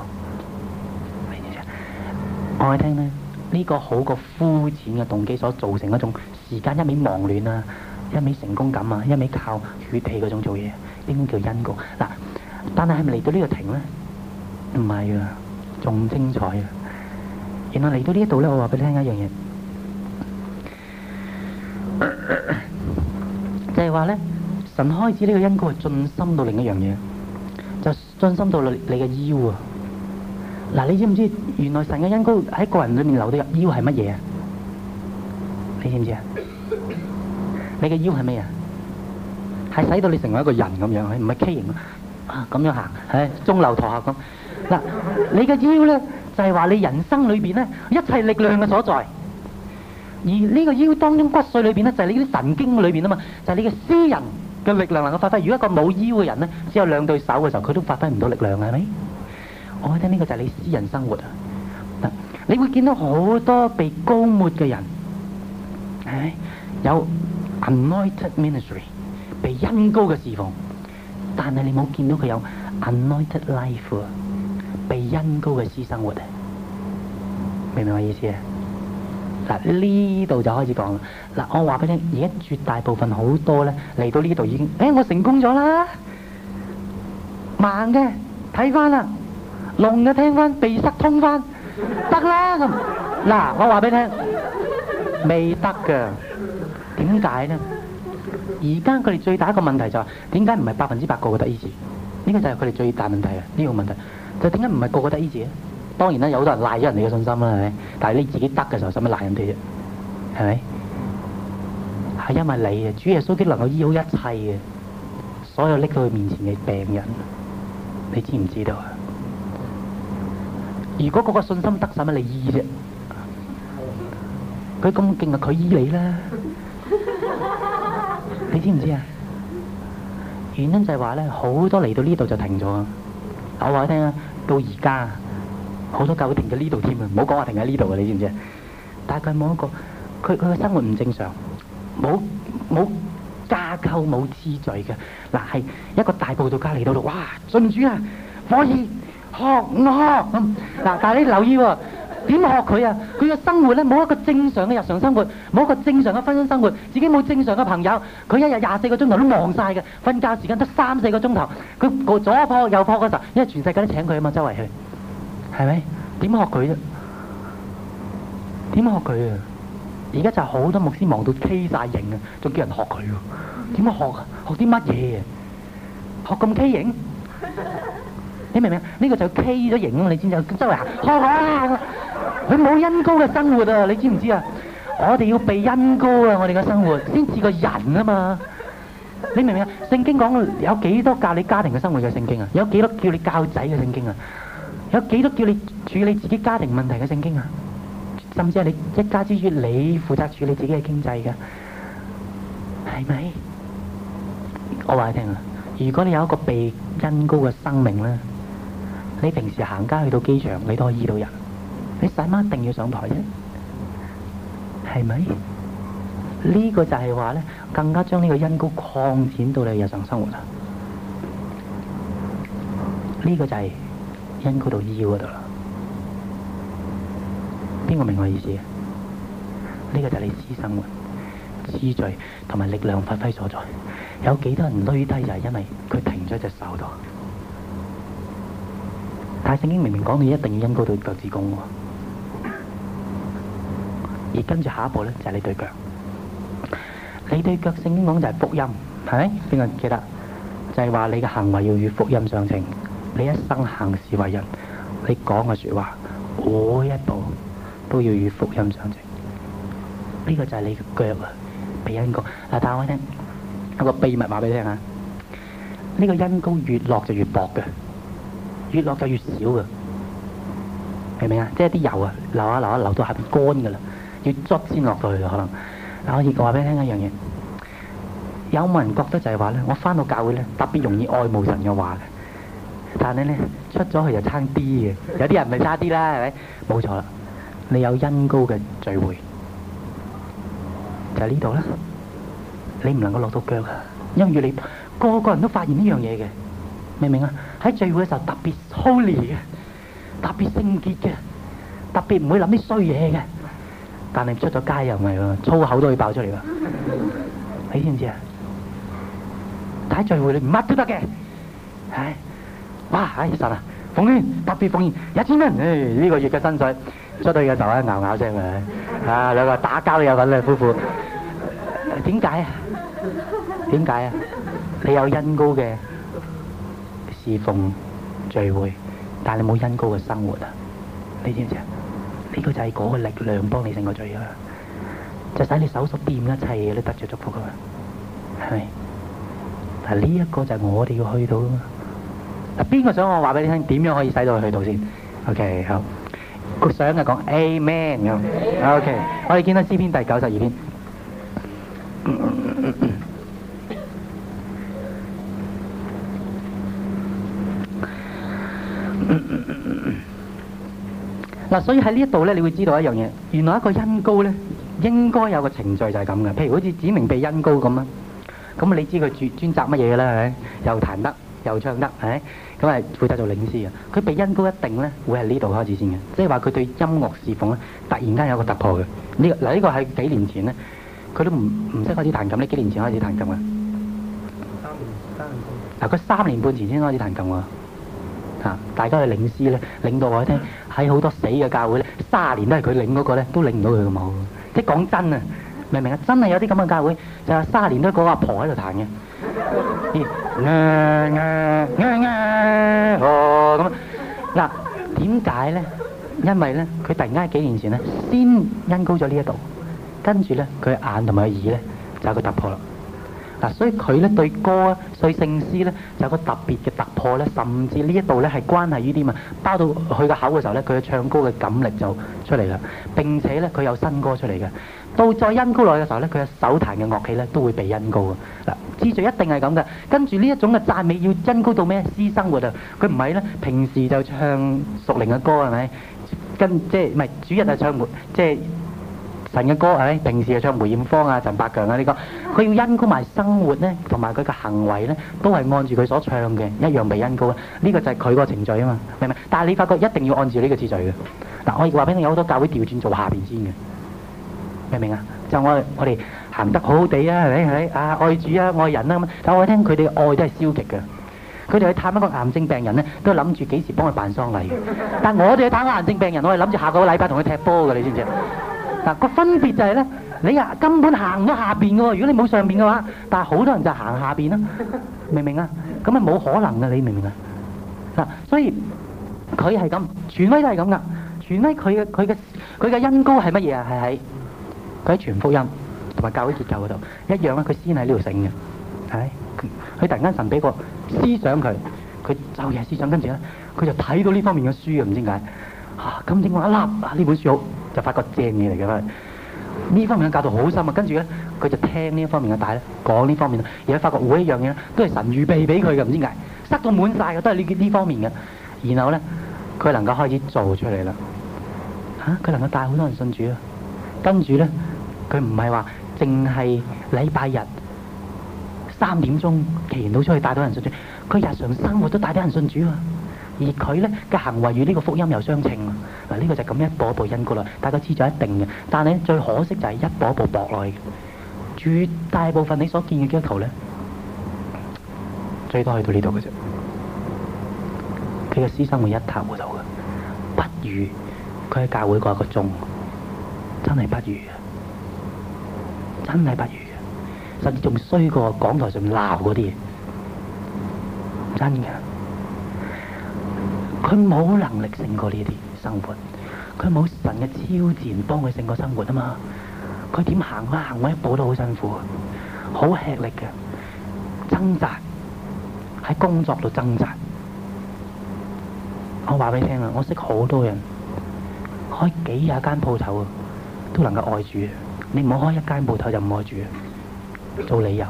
我哋聽咧，呢、這個好過膚淺嘅動機所造成一種時間一味忙亂啊，一味成功感啊，一味靠血氣嗰種做嘢，應該叫因果。嗱，但係係咪嚟到個呢度停咧？唔係啊，仲精彩啊！原來嚟到呢一度咧，我話俾你聽一樣嘢，就係話咧，神開始呢個因果係進深到另一樣嘢，就進深到你你嘅腰啊！嗱，你知唔知原來神嘅恩膏喺個人裏面留到入腰係乜嘢啊？你知唔知啊？你嘅腰係咩啊？係使到你成為一個人咁樣，唔係畸形啊，咁樣行，係、哎、鐘樓駝俠咁。嗱，你嘅腰咧就係話你人生裏邊咧一切力量嘅所在，而呢個腰當中骨髓裏邊咧就係你啲神經裏邊啊嘛，就係你嘅私人嘅力量能夠發揮。如果一個冇腰嘅人咧，只有兩對手嘅時候，佢都發揮唔到力量嘅，係咪？我聽呢個就係你私人生活啊！嗱，你會見到好多被膏抹嘅人，唉，有 anointed ministry 被恩膏嘅侍奉，但係你冇見到佢有 anointed life 啊，被恩膏嘅私生活啊，明唔明我意思啊？嗱，呢度就開始講啦。嗱，我話俾你聽，而家絕大部分好多咧嚟到呢度已經，唉，我成功咗啦，盲嘅睇翻啦。聾嘅聽翻，鼻塞通翻，得啦咁。嗱、 啊，我話俾你聽，未得㗎。點解呢？而家佢哋最大一個問題就係、是，點解唔係百分之百個個得醫治？呢個就係佢哋最大問題啊！呢、這個問題，就點解唔係個個得醫治咧？當然啦，有好多人賴咗人哋嘅信心啦，係咪？但係你自己得嘅時候，使乜賴人哋啫？係咪？係因為你啊，主耶穌基督能夠醫好一切嘅所有拎到佢面前嘅病人，你知唔知道啊？如果嗰個信心得曬咪嚟醫啫，佢咁勁啊，佢醫你啦，你知唔知啊？原因就係話咧，好多嚟到呢度就停咗啊！我話你聽啊，到而家好多教會停咗呢度添啊，唔好講話停喺呢度啊，你知唔知啊？但係佢冇一個，佢佢嘅生活唔正常，冇冇架構，冇秩序嘅，嗱係一個大佈道家嚟到度，哇！信主啊，可以。學惡咁嗱，但係你留意喎，點學佢啊？佢嘅生活咧冇一個正常嘅日常生活，冇一個正常嘅婚姻生活，自己冇正常嘅朋友，佢一日廿四個鐘頭都忙曬嘅，瞓覺時間得三四個鐘頭，佢左撲右撲嗰陣，因為全世界都請佢啊嘛，周圍去，係咪？點學佢啫？點學佢啊？而家就係好多牧師忙到畸曬型啊，仲叫人學佢喎？點樣學？學啲乜嘢啊？學咁畸型？你明唔明啊？呢、呢個就 K 咗型啊嘛！你知唔知？周圍行，佢冇恩膏嘅生活啊！你知唔知啊？我哋要被恩膏啊！我哋嘅生活先至個人啊嘛！你明唔明啊？聖經講有幾多教你家庭嘅生活嘅？啊、聖經啊？有幾多叫你教仔嘅聖經啊？有幾多叫你處理自己家庭問題嘅聖經啊？甚至係你一家之主，你負責處理自己嘅經濟嘅，係咪？我話你聽啊！如果你有一個被恩膏嘅生命咧，你平時行街去到機場，你都可以醫到人。你使乜一定要上台啫？係咪？呢、這個就係話咧，更加將呢個恩膏擴展到你日常生活啦。呢、這個就係恩膏度要度啦。邊個明我意思？呢、這個就係私生活、私序同埋力量發揮所在。有幾多人累低就係因為佢停咗一隻手度。太聖經明明講你一定要恩膏到腳趾公喎，而跟住下一步咧就係你對腳。你對腳聖經講就係福音，係咪？邊個記得？就係話你嘅行為要與福音相稱。你一生行事為人，你講嘅説話，每一步都要與福音相稱。呢個就係你嘅腳啊，被恩膏啊！但係我聽有個秘密話俾你聽啊！呢個恩膏越落就越薄嘅。越落就越少嘅，明唔明啊？即係啲油啊，流下流下流到下邊乾㗎啦，要捉先落到去可能。啊，我而我話俾你聽一樣嘢，有冇人覺得就係話咧，我翻到教會咧特別容易愛慕神嘅話嘅，但係咧出咗去就差啲嘅，有啲人咪差啲啦，係咪？冇錯啦，你有恩高嘅聚會就喺呢度啦，你唔能夠落到腳啊！因為你個個人都發現呢樣嘢嘅，明唔明啊？喺聚會嘅時候特別 holy 嘅，特別聖潔嘅，特別唔會諗啲衰嘢嘅。但係出咗街又唔係喎，粗口都可以爆出嚟喎。你知唔知啊？睇聚會你乜都得嘅。唉，哇！唉神啊，奉獻，特別奉獻一千蚊。唉呢個月嘅薪水出到嘅時候咧，咬咬聲嘅。啊兩個打交都有份嘅夫婦。點解啊？點解啊？你有恩膏嘅。侍奉聚會，但係你冇恩膏嘅生活啊！你知唔知啊？呢個就係嗰個力量幫你勝過罪啊！就使你手所掂一切嘢都得着祝福噶嘛，係咪？嗱呢一個就係我哋要去到啊！嗱邊個想我話俾你聽，點樣可以使到去到先？OK，好，個想就講 Amen 咁。OK，我哋見到詩篇第九十二篇。嗱、啊，所以喺呢一度咧，你會知道一樣嘢，原來一個恩膏咧，應該有個程序就係咁嘅。譬如好似指明畀恩膏咁啦，咁你知佢專專責乜嘢嘅啦，係？又彈得，又唱得，係？咁係負責做領詩嘅。佢畀恩膏一定咧，會喺呢度開始先嘅。即係話佢對音樂事奉咧，突然間有一個突破嘅。呢嗱呢個係、這個、幾年前咧，佢都唔唔識開始彈琴，你幾年前開始彈琴嘅。三年三年半嗱，佢、啊、三年半前先開始彈琴喎。啊！大家去領詩咧，領到我聽喺好多死嘅教會咧，三十年都係佢領嗰個咧，都領唔到佢嘅舞。即係講真啊，明唔明啊？真係有啲咁嘅教會，就三十年都係個阿婆喺度彈嘅。咁嗱，點解咧？因為咧，佢突然間喺幾年前咧，先恩膏咗呢一度，跟住咧，佢眼同埋耳咧，就係佢突破啦。嗱，所以佢咧對歌啊，對聖詩咧，就有個特別嘅突破咧，甚至呢一度咧係關係於啲乜，包到佢個口嘅時候咧，佢嘅唱歌嘅感力就出嚟啦。並且咧，佢有新歌出嚟嘅。到再恩膏來嘅時候咧，佢嘅手彈嘅樂器咧都會畀恩膏啊。嗱，之最一定係咁嘅。跟住呢一種嘅讚美要恩膏到咩？私生活啊，佢唔係啦，平時就唱熟齡嘅歌係咪？跟即係唔係？主日啊，唱沒即係。神嘅歌係咪？平時係唱梅艷芳啊、陳百強啊呢個，佢要恩膏埋生活咧，同埋佢嘅行為咧，都係按住佢所唱嘅一樣被恩膏啊！呢個就係佢個程序啊嘛，明唔明？但係你發覺一定要按住呢個次序嘅。嗱，我話俾你，有好多教會調轉做下邊先嘅，明唔明啊？就我我哋行得好好地啊，係咪啊，愛主啊，愛人啊咁。但係我聽佢哋嘅愛都係消極嘅，佢哋去探一個癌症病人咧，都諗住幾時幫佢辦喪禮嘅。但我哋去探個癌症病人，我係諗住下個禮拜同佢踢波嘅，你知唔知？嗱，個分別就係咧，你啊根本行咗下邊嘅喎，如果你冇上邊嘅話，但係好多人就行下邊啦，明唔明啊？咁啊冇可能嘅，你明唔明啊？嗱，所以佢係咁，傳威都係咁噶，傳威佢嘅佢嘅佢嘅恩膏係乜嘢啊？係喺佢喺全福音同埋教會結構嗰度一樣啊，佢先喺呢度醒嘅，係咪？佢突然間神俾個思想佢，佢就嘢思想跟呢，跟住咧佢就睇到呢方面嘅書啊，唔知點解嚇金正華一粒啊，呢本書好。就發覺正嘢嚟嘅，呢方面嘅教導好深啊！跟住咧，佢就聽呢一方面嘅帶咧，講呢方面，而家發覺每一樣嘢咧，都係神預備俾佢嘅，唔知點解塞到滿晒。嘅，都係呢呢方面嘅。然後咧，佢能夠開始做出嚟啦。嚇、啊！佢能夠帶好多人信主啊！跟住咧，佢唔係話淨係禮拜日三點鐘祈禱出去帶到人信主，佢日常生活都帶到人信主啊！而佢咧嘅行為與呢個福音又相稱啊！嗱，呢個就咁一步一步恩膏啦。大家知咗一定嘅，但係咧最可惜就係一步一步薄落去。絕大部分你所見嘅基督徒咧，最多去到呢度嘅啫。佢嘅私生活一塌糊塗嘅，不如佢喺教會嗰個鐘，真係不如啊！真係不如，甚至仲衰過講台上面鬧嗰啲嘢，真嘅。佢冇能力勝過呢啲生活，佢冇神嘅超自然幫佢勝過生活啊嘛！佢點行啊行，每一步都好辛苦，好吃力嘅，掙扎，喺工作度掙扎。我話俾你聽啊，我識好多人開幾廿間鋪頭啊，都能夠愛住。你唔好開一間鋪頭就唔愛住，做理由。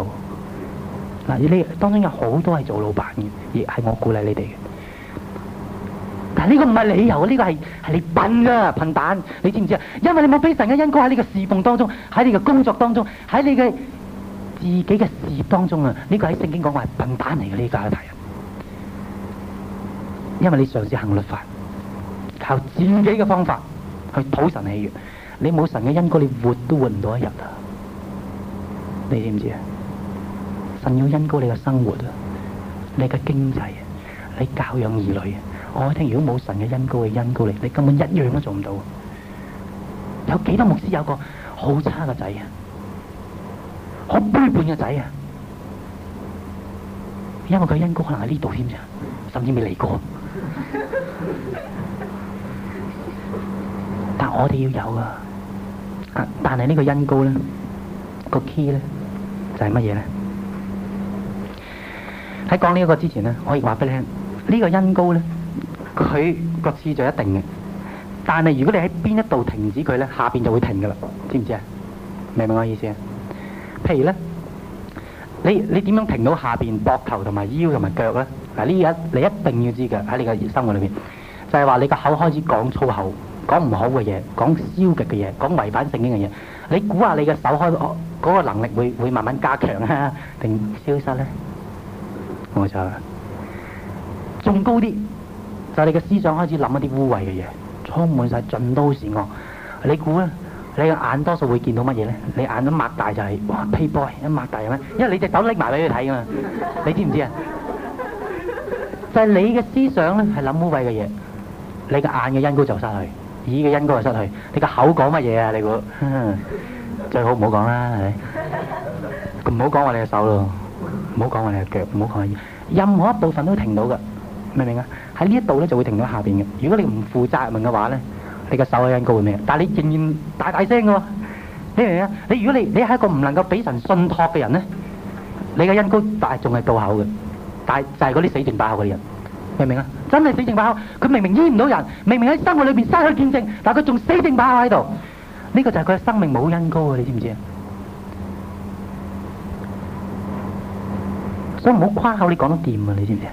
嗱，你當中有好多係做老闆嘅，亦係我鼓勵你哋嘅。呢、啊，這個唔係理由，呢、這個係係你笨㗎！笨蛋，你知唔知啊？因為你冇俾神嘅恩膏喺呢個侍奉當中，喺你嘅工作當中，喺你嘅自己嘅事業當中啊！呢個喺聖經講話笨蛋嚟嘅，呢家大人，因為你嘗試行律法，靠自己嘅方法去討神喜悦，你冇神嘅恩膏，你活都活唔到一日啊！你知唔知啊？神要恩膏你嘅生活，你嘅經濟，你教養兒女。我聽，如果冇神嘅恩膏嘅恩膏力，你根本一樣都做唔到。有幾多牧師有個好差嘅仔啊，好背叛嘅仔啊，因為佢嘅恩膏可能係呢度添啫，甚至未嚟過。但係我哋要有啊，但但係呢個恩膏咧，個 key 咧就係乜嘢咧？喺講呢一個之前咧，我亦話俾你聽，呢個恩膏咧。佢個次序一定嘅，但係如果你喺邊一度停止佢咧，下邊就會停噶啦，知唔知啊？明唔明我意思啊？譬如咧，你你點樣停到下邊膊頭同埋腰同埋腳咧？嗱，呢嘢你一定要知嘅。喺你嘅生活裏面，就係、是、話你個口開始講粗口、講唔好嘅嘢、講消極嘅嘢、講違反聖經嘅嘢，你估下你嘅手開嗰個能力會會慢慢加強啊，定消失咧？冇錯啦，仲高啲。就係你嘅思想開始諗一啲污穢嘅嘢，充滿曬盡都剪惡。你估咧？你嘅眼多數會見到乜嘢咧？你眼都擘大就係哇，playboy 一擘大咁樣？因為你隻手拎埋俾佢睇㗎嘛，你知唔知啊？就係你嘅思想咧，係諗污穢嘅嘢。你嘅眼嘅陰功就失去，耳嘅陰功就失去。你嘅口講乜嘢啊？你估最好唔好講啦，係咪？唔好講話你嘅手咯，唔好講話你嘅腳，唔好講你任何一部分都停到㗎，明唔明啊？喺呢一度咧就會停咗下邊嘅。如果你唔負責任嘅話咧，你嘅手嘅恩膏係咩？但係你仍然大大聲嘅喎。你明唔明啊？你如果你你係一個唔能夠俾神信託嘅人咧，你嘅恩膏但係仲係到口嘅。但係就係嗰啲死剩把口嘅人，明唔明啊？真係死剩把口，佢明明醫唔到人，明明喺生活裏邊失去見證，但係佢仲死剩把口喺度。呢、這個就係佢嘅生命冇恩膏啊！你知唔知啊？所以唔好誇口，你講得掂啊！你知唔知啊？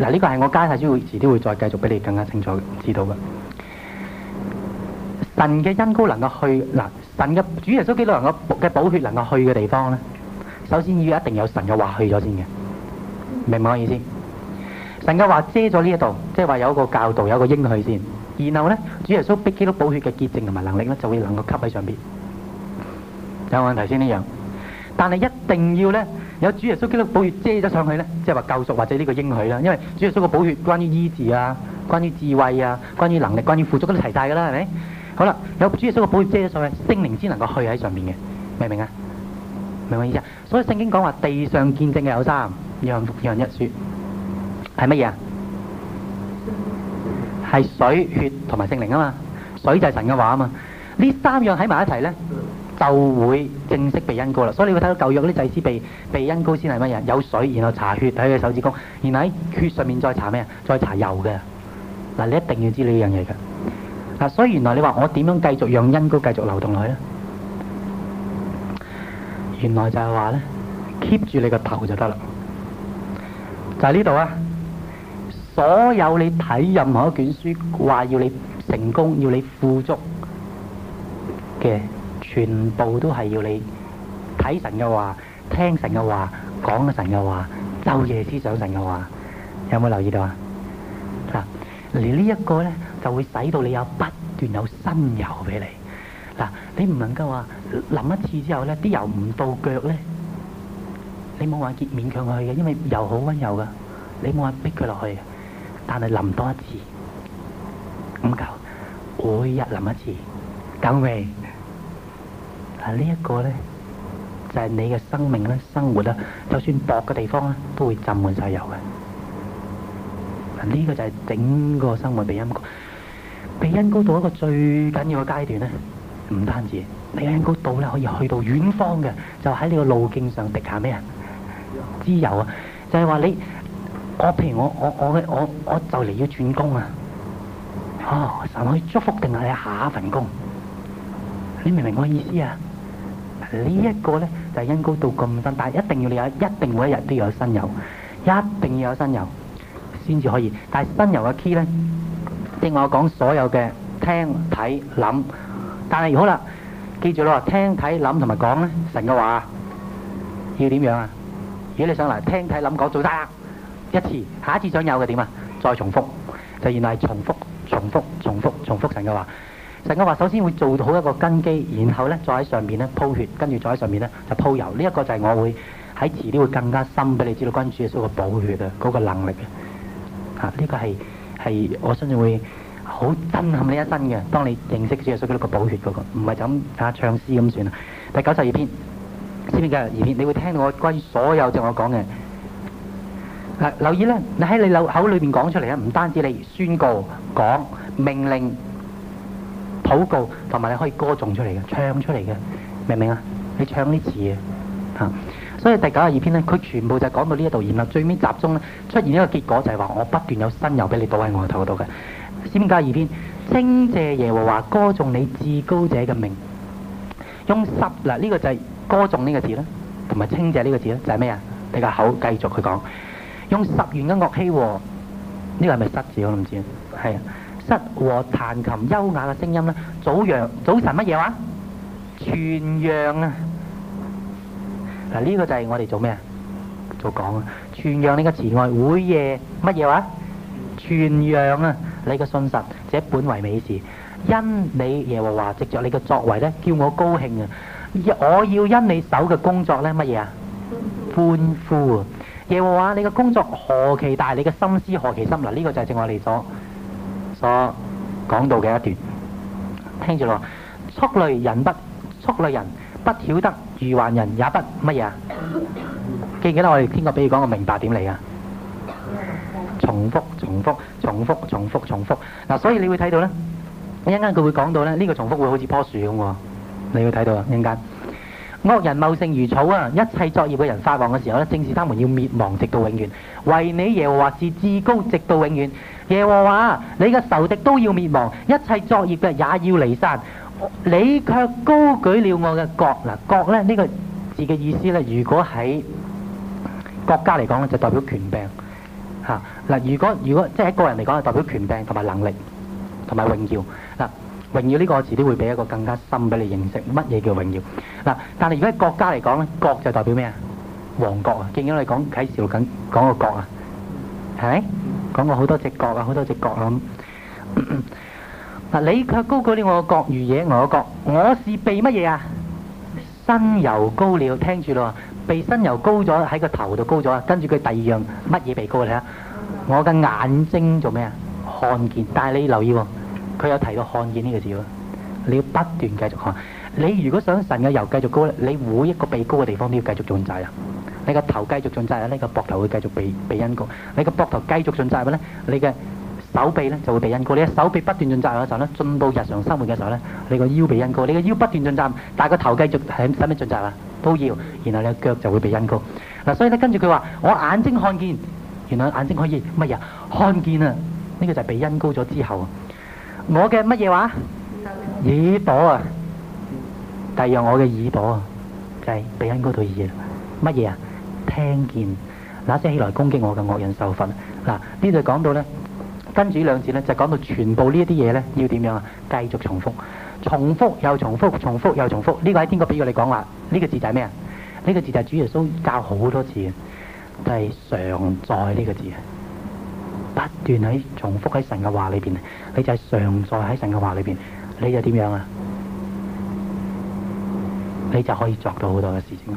嗱，呢個係我加晒之後，遲啲會再繼續俾你更加清楚知道嘅。神嘅恩膏能夠去，嗱，神嘅主耶穌基督能夠嘅寶血能夠去嘅地方咧，首先要一定有神嘅話去咗先嘅，明唔明我意思？神嘅話遮咗呢一度，即係話有一個教導，有一個應去先。然後咧，主耶穌逼基督寶血嘅潔淨同埋能力咧，就會能夠吸喺上邊。有冇問題先呢樣？但係一定要咧，有主耶穌基督的寶血遮咗上去咧，即係話救贖或者呢個應許啦。因為主耶穌嘅寶血關於醫治啊、關於智慧啊、關於能力、關於富足都齊晒噶啦，係咪？好啦，有主耶穌嘅寶血遮咗上去，聖靈先能夠去喺上面嘅，明唔明啊？明我意思啊？所以聖經講話地上見證嘅有三樣，樣、樣一血，係乜嘢啊？係水、血同埋聖靈啊嘛。水就係神嘅話啊嘛。呢三樣喺埋一齊咧。就會正式被恩膏啦，所以你會睇到舊約啲祭司被被恩膏先係乜嘢？有水，然後搽血喺佢手指公，然後喺血上面再搽咩啊？再搽油嘅。嗱，你一定要知呢樣嘢嘅嗱，所以原來你話我點樣繼續讓恩膏繼續流動落去咧？原來就係話咧，keep 住你個頭就得啦，就係呢度啊！所有你睇任何一卷書話要你成功、要你富足嘅。全部都係要你睇神嘅話，聽神嘅話，講神嘅話，晝夜思想神嘅話，有冇留意到啊？嗱，嚟呢一個咧，就會使到你有不斷有新油俾你。嗱，你唔能夠話淋一次之後咧，啲油唔到腳咧，你冇話勉勉強去嘅，因為油好溫柔噶，你冇話逼佢落去。但係淋多一次，咁夠，每日淋一次，等未？啊！呢一個咧，就係、是、你嘅生命咧、生活啦，就算薄嘅地方啊，都會浸滿晒油嘅。啊！呢個就係整個生活俾恩膏，俾恩膏到一個最緊要嘅階段咧，唔單止，俾恩膏到咧可以去到遠方嘅，就喺你個路徑上滴下咩啊？脂油啊！就係、是、話你，我譬如我我我嘅我我就嚟要轉工啊！哦，神可以祝福定係你下一份工？你明唔明我意思啊？呢一個咧就係因高到咁深，但係一定要你有，一定每一日都要有新油，一定要有新油先至可以。但係新油嘅 key 咧，即係我講所有嘅聽、睇、諗。但係好啦，記住啦，聽、睇、諗同埋講咧，神嘅話要點樣啊？如果你上嚟聽、睇、諗、講，做曬啦一次，下一次想有嘅點啊？再重複，就原來係重複、重複、重複、重複神嘅話。成經話：首先會做好一個根基，然後咧再喺上面咧鋪血，跟住再喺上面咧就鋪油。呢、這、一個就係我會喺遲啲會更加深俾你知道，關於主耶穌嘅寶血啊嗰、那個能力嘅嚇。呢、啊這個係係我相信會好震撼你一身嘅。當你認識咗主耶穌嗰個寶血嗰、那個，唔係就咁啊唱詩咁算啊。第九十二篇，詩篇嘅二篇，你會聽到我關於所有就我講嘅嚇。留意咧，你喺你口裏邊講出嚟啊，唔單止你宣告、講、命令。禱告同埋你可以歌頌出嚟嘅、唱出嚟嘅，明唔明啊？你唱啲詞啊，吓！所以第九十二篇呢，佢全部就講到呢一度，然後最尾集中咧出現一個結果就係話，我不斷有新油俾你倒喺我嘅頭度嘅。先加二篇，稱謝耶和華，歌頌你至高者嘅名，用失嗱呢個就係歌頌呢個字咧，同埋稱謝呢個字咧，就係咩啊？你個口繼續去講，用十弦嘅樂器喎，呢個係咪失字我唔知啊，係。和彈琴優雅嘅聲音咧，早陽早晨乜嘢話？傳揚啊！嗱、啊，呢、這個就係我哋做咩啊？做講啊！傳揚你個慈愛，會夜乜嘢話？傳揚啊！你嘅信實，這本為美事，因你耶和華藉着你嘅作為咧，叫我高興啊！我要因你手嘅工作咧，乜嘢啊？歡呼啊！耶和華你嘅工作何其大，你嘅心思何其深嗱，呢、啊這個就係正話嚟咗。個講、哦、到嘅一段，聽住咯，畜類人不畜類人不曉得如患人也不乜嘢啊？記唔記得我哋聽過比喻講個明白點嚟啊？重複重複重複重複重複，嗱、啊，所以你會睇到呢，一陣間佢會講到咧，呢、這個重複會好似棵樹咁喎，你會睇到啊！一陣間惡人茂盛如草啊，一切作孽嘅人發旺嘅時候呢，正是他們要滅亡，直到永遠。為你耶和華是至高，直到永遠。耶和華，你嘅仇敵都要滅亡，一切作孽嘅也要離散。你卻高舉了我嘅國，嗱國咧呢、這個字嘅意思咧，如果喺國家嚟講咧，就代表權柄。吓。嗱，如果如果即係一個人嚟講，就代表權柄，同、啊、埋能力同埋榮耀。嗱、啊、榮耀呢個詞都會俾一個更加深俾你認識乜嘢叫榮耀。嗱、啊，但係如果喺國家嚟講咧，國就代表咩啊？王國，國啊，聖經嚟講喺《舊約》講個國啊，係咪？講過好多隻角啊，好多隻角咁、啊。嗱咳咳，你卻高過你我角如野我角，我是鼻乜嘢啊？新油膏，你要聽住咯，鼻新油膏咗喺個頭度高咗。跟住佢第二樣乜嘢鼻高？你睇下，我嘅眼睛做咩啊？看見。但係你留意喎、哦，佢有提到看見呢個字喎。你要不斷繼續看。你如果想神嘅油繼續高咧，你每一個鼻高嘅地方都要繼續種仔啊。你個頭繼續進扎，咧你個膊頭會繼續被被恩膏。你個膊頭繼續進扎，咩咧？你嘅手臂咧就會被恩膏。你嘅手臂不斷進扎嘅時候咧，進到日常生活嘅時候咧，你個腰被恩膏。你個腰不斷進扎，但係個頭繼續喺使唔使進扎啊？都要。然後你嘅腳就會被恩膏。嗱，所以咧跟住佢話：我眼睛看見，原來眼睛可以乜嘢呀？看見啊！呢個就係被恩膏咗之後，我嘅乜嘢話？耳朵啊，第二樣我嘅耳朵啊，就係被恩膏對耳朵。乜嘢啊？聽見那些起來攻擊我嘅惡人受罰。嗱，講呢度講到咧，跟住呢兩節咧，就講到全部呢一啲嘢咧，要點樣啊？繼續重複，重複又重複，重複又重複。呢、這個喺天個俾佢哋講話？呢、這個字就係咩啊？呢、這個字就係主耶穌教好多次嘅，就係、是、常在呢個字啊！不斷喺重複喺神嘅話裏邊，你就係常在喺神嘅話裏邊，你就點樣啊？你就可以作到好多嘅事情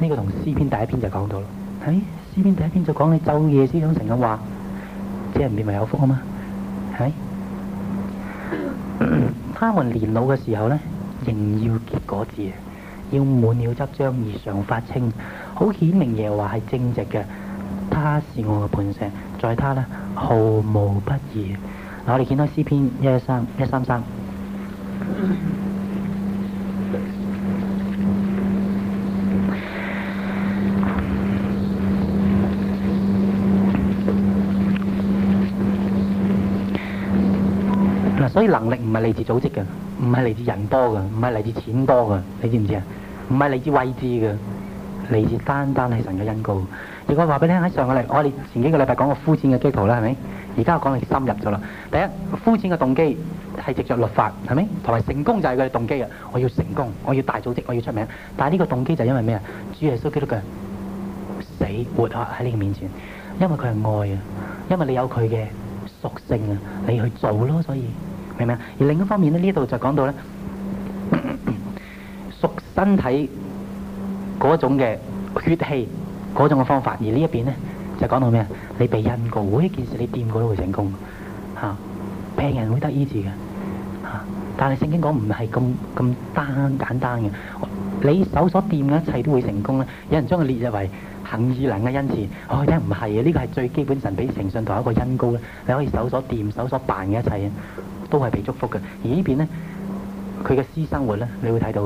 呢個同詩篇第一篇就講到咯，喺詩篇第一篇就講你晝夜思想神嘅話，這人便為有福啊嘛，喺 他們年老嘅時候呢，仍要結果子，要滿了汁漿而常發青。好顯明耶和華係正直嘅，他是我嘅磐石，在他呢，毫無不義。嗱，我哋見到詩篇一一三一三三。啲能力唔係嚟自組織嘅，唔係嚟自人多嘅，唔係嚟自錢多嘅，你知唔知啊？唔係嚟自位置嘅，嚟自單單係神嘅恩膏。如果我話俾你聽喺上個禮，我哋前幾個禮拜講過膚淺嘅追求啦，係咪？而家我講係深入咗啦。第一膚淺嘅動機係藉着律法，係咪？同埋成功就係佢嘅動機啊！我要成功，我要大組織，我要出名。但係呢個動機就因為咩啊？主耶穌基督嘅死活喺你面前，因為佢係愛啊，因為你有佢嘅屬性啊，你去做咯，所以。係，而另一方面呢，呢度就講到咧屬咳咳身體嗰種嘅血氣嗰種嘅方法，而呢一邊呢，就講到咩啊？你被恩膏，每一件事你掂過都會成功嚇、啊。病人會得醫治嘅、啊、但係聖經講唔係咁咁單簡單嘅。你手所掂嘅一切都會成功咧。有人將佢列入為行異能嘅恩賜，我哋睇唔係嘅。呢、這個係最基本神俾誠信同一個恩膏咧。你可以手所掂、手所扮嘅一切，都係被祝福嘅，而呢邊呢，佢嘅私生活呢，你會睇到。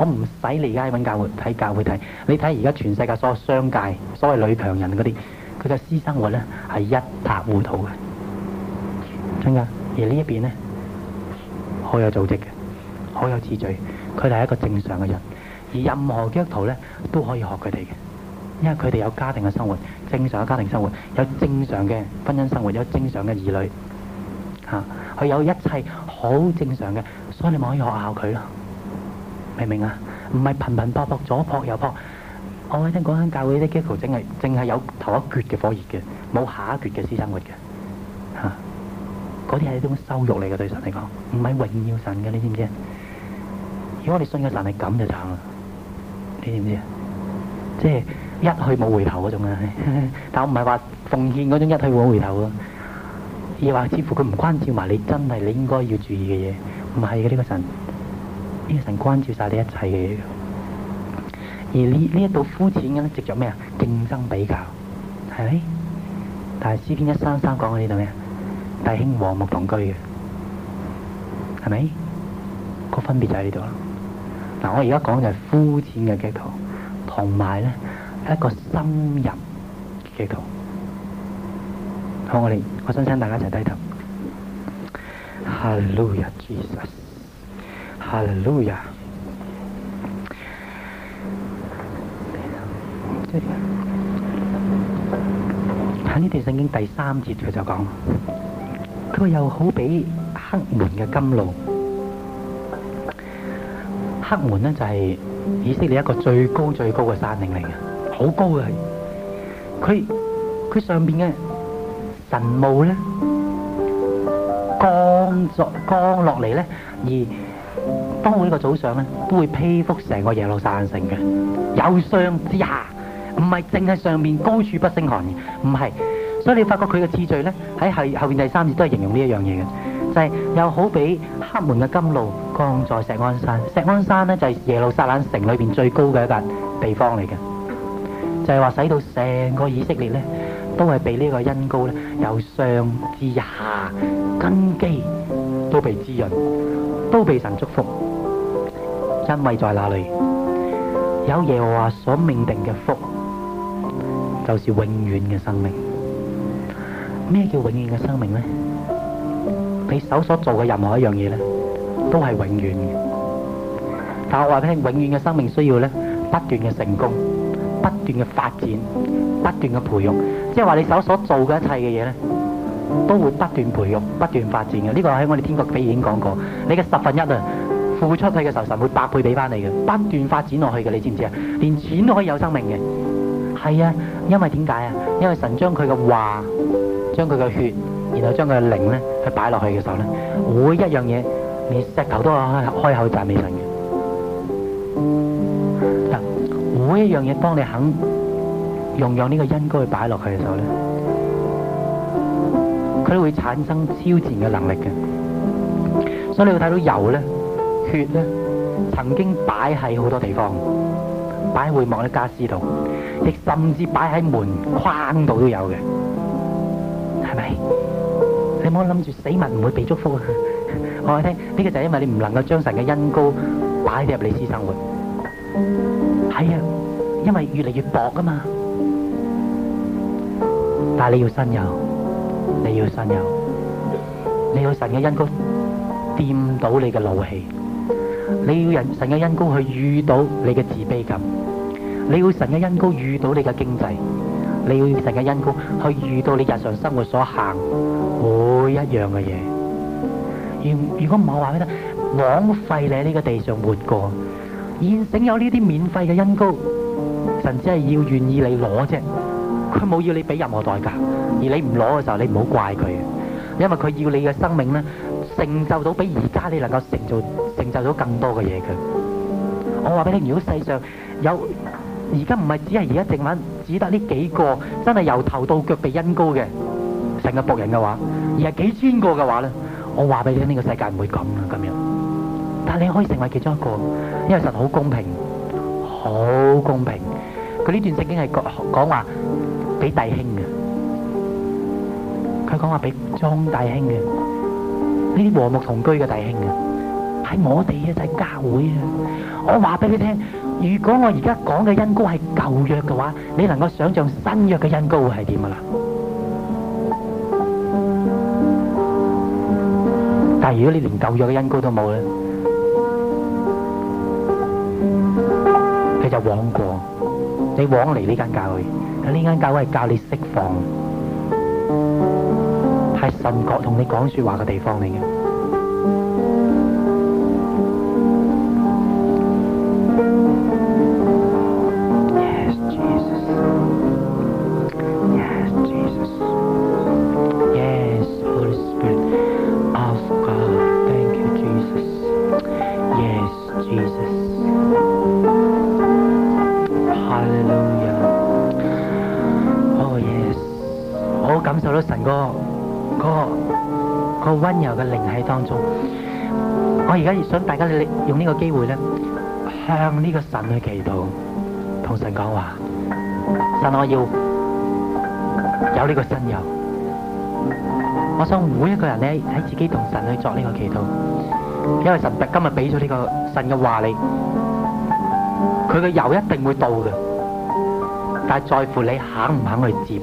我唔使你而家揾教會睇教會睇，你睇而家全世界所有商界，所謂女強人嗰啲佢嘅私生活呢，係一塌糊塗嘅，真㗎。而呢一邊呢，好有組織嘅，好有秩序，佢哋係一個正常嘅人。而任何基督徒呢，都可以學佢哋嘅，因為佢哋有家庭嘅生活，正常嘅家庭生活，有正常嘅婚姻生活，有正常嘅兒女嚇。佢有一切好正常嘅，所以你咪可以學校佢咯，明唔明啊？唔係頻頻撲撲，左撲右撲，我喺聽嗰間教會啲基督徒，淨係有頭一撅嘅火熱嘅，冇下一撅嘅私生活嘅，嚇、啊，嗰啲係一種羞辱嚟嘅，對神嚟講，唔係榮耀神嘅，你知唔知？如果你信嘅神係咁就慘啦，你知唔知啊？即係一去冇回頭嗰種啊， 但我唔係話奉獻嗰種一去冇回頭喎。而或，似乎佢唔關照埋你，真係你應該要注意嘅嘢，唔係嘅呢個神，呢、呢個神關照晒你一切嘅嘢。而呢呢一度膚淺嘅呢，執著咩啊？競爭比較係咪？但係詩篇一三三講喺呢度咩啊？弟兄和睦同居嘅係咪？個分別就喺呢度啦。嗱，我而家講嘅係膚淺嘅基督徒，同埋咧一個深入嘅基督徒。好，我哋。我想請大家一齊低頭。哈利路亞，Jesus，哈利路亞。喺呢段聖經第三節佢就講，佢又好比黑門嘅甘露。黑門呢就係以色列一個最高最高嘅山嶺嚟嘅，好高嘅。佢佢上邊嘅。晨霧咧降作降落嚟咧，而當到呢個早上咧，都會披覆成個耶路撒冷城嘅由上至下，唔係淨係上面高處不勝寒嘅，唔係，所以你發覺佢嘅次序咧，喺後後面第三節都係形容呢一樣嘢嘅，就係又好比黑門嘅甘露降在錫安山，錫安山咧就係耶路撒冷城裏邊最高嘅一笪地方嚟嘅，就係話使到成個以色列咧。都係被呢個恩膏咧，由上至下根基都被滋潤，都被神祝福，因為在那裡有耶和華所命定嘅福，就是永遠嘅生命。咩叫永遠嘅生命呢？你手所做嘅任何一樣嘢咧，都係永遠嘅。但係我話俾你聽，永遠嘅生命需要咧，不斷嘅成功，不斷嘅發展，不斷嘅培育。即係話你手所做嘅一切嘅嘢咧，都會不斷培育，不斷發展嘅。呢、這個喺我哋天國比已經講過。你嘅十分一啊，付出去嘅時候，神會百倍俾翻你嘅，不斷發展落去嘅。你知唔知啊？連錢都可以有生命嘅。係啊，因為點解啊？因為神將佢嘅話，將佢嘅血，然後將佢嘅靈咧，去擺落去嘅時候咧，每一樣嘢連石頭都係開口讚美神嘅。每一樣嘢當你肯。用用呢個恩膏去擺落去嘅時候咧，佢都會產生超自然嘅能力嘅。所以你會睇到油咧、血咧，曾經擺喺好多地方，擺喺會望啲傢俬度，亦甚至擺喺門框度都有嘅，係咪？你唔好諗住死物唔會被祝福啊！我話你聽，呢個就係因為你唔能夠將神嘅恩膏擺喺入你私生活。係啊，因為越嚟越薄噶嘛。但係你要新有，你要新有，你要神嘅恩膏掂到你嘅怒氣，你要人神嘅恩膏去遇到你嘅自卑感，你要神嘅恩膏遇到你嘅經濟，你要神嘅恩膏去遇到你日常生活所行每一樣嘅嘢。如如果唔係，我話俾你聽，枉費你喺呢個地上活過。現成有呢啲免費嘅恩膏，神只係要願意你攞啫。佢冇要你俾任何代價，而你唔攞嘅時候，你唔好怪佢，因為佢要你嘅生命咧，成就到比而家你能夠成就，成就到更多嘅嘢嘅。我話俾你，如果世上有而家唔係只係而家淨係只得呢幾個真係由頭到腳被恩膏嘅成個僕人嘅話，而係幾千個嘅話咧，我話俾你，呢個世界唔會咁嘅咁樣。但係你可以成為其中一個，因為神好公平，好公平。佢呢段聖經係講講話。弟兄嘅，佢講話俾五莊弟兄嘅，呢啲和睦同居嘅弟兄嘅，喺我哋一齊教會啊！我話俾你聽，如果我而家講嘅恩膏係舊約嘅話，你能夠想象新約嘅恩膏會係點㗎啦？但係如果你連舊約嘅恩膏都冇咧，你就枉過，你枉嚟呢間教會。呢間教會係教你釋放，係神國同你講說話嘅地方嚟。到神嗰個、嗰個、嗰個温柔嘅靈氣當中，我而家想大家利用呢個機會咧，向呢個神去祈禱，同神講話，神我要有呢個神油。我想每一個人咧喺自己同神去作呢個祈禱，因為神今日俾咗呢個神嘅話你，佢嘅油一定會到嘅，但係在乎你肯唔肯去接。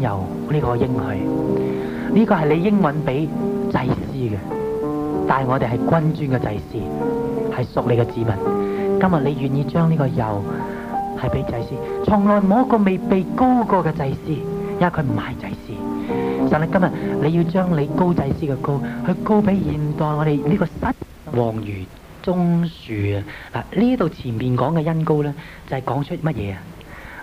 由呢個應許，呢、這個係你應允俾祭司嘅，但係我哋係君尊嘅祭司，係屬你嘅子民。今日你願意將呢個油係俾祭司。從來冇一個未被膏過嘅祭司，因為佢唔係祭司。神啊，今日你要將你膏祭司嘅膏，去膏俾現代我哋呢個失望如棕樹啊。啊，呢度前面講嘅恩膏咧，就係、是、講出乜嘢啊？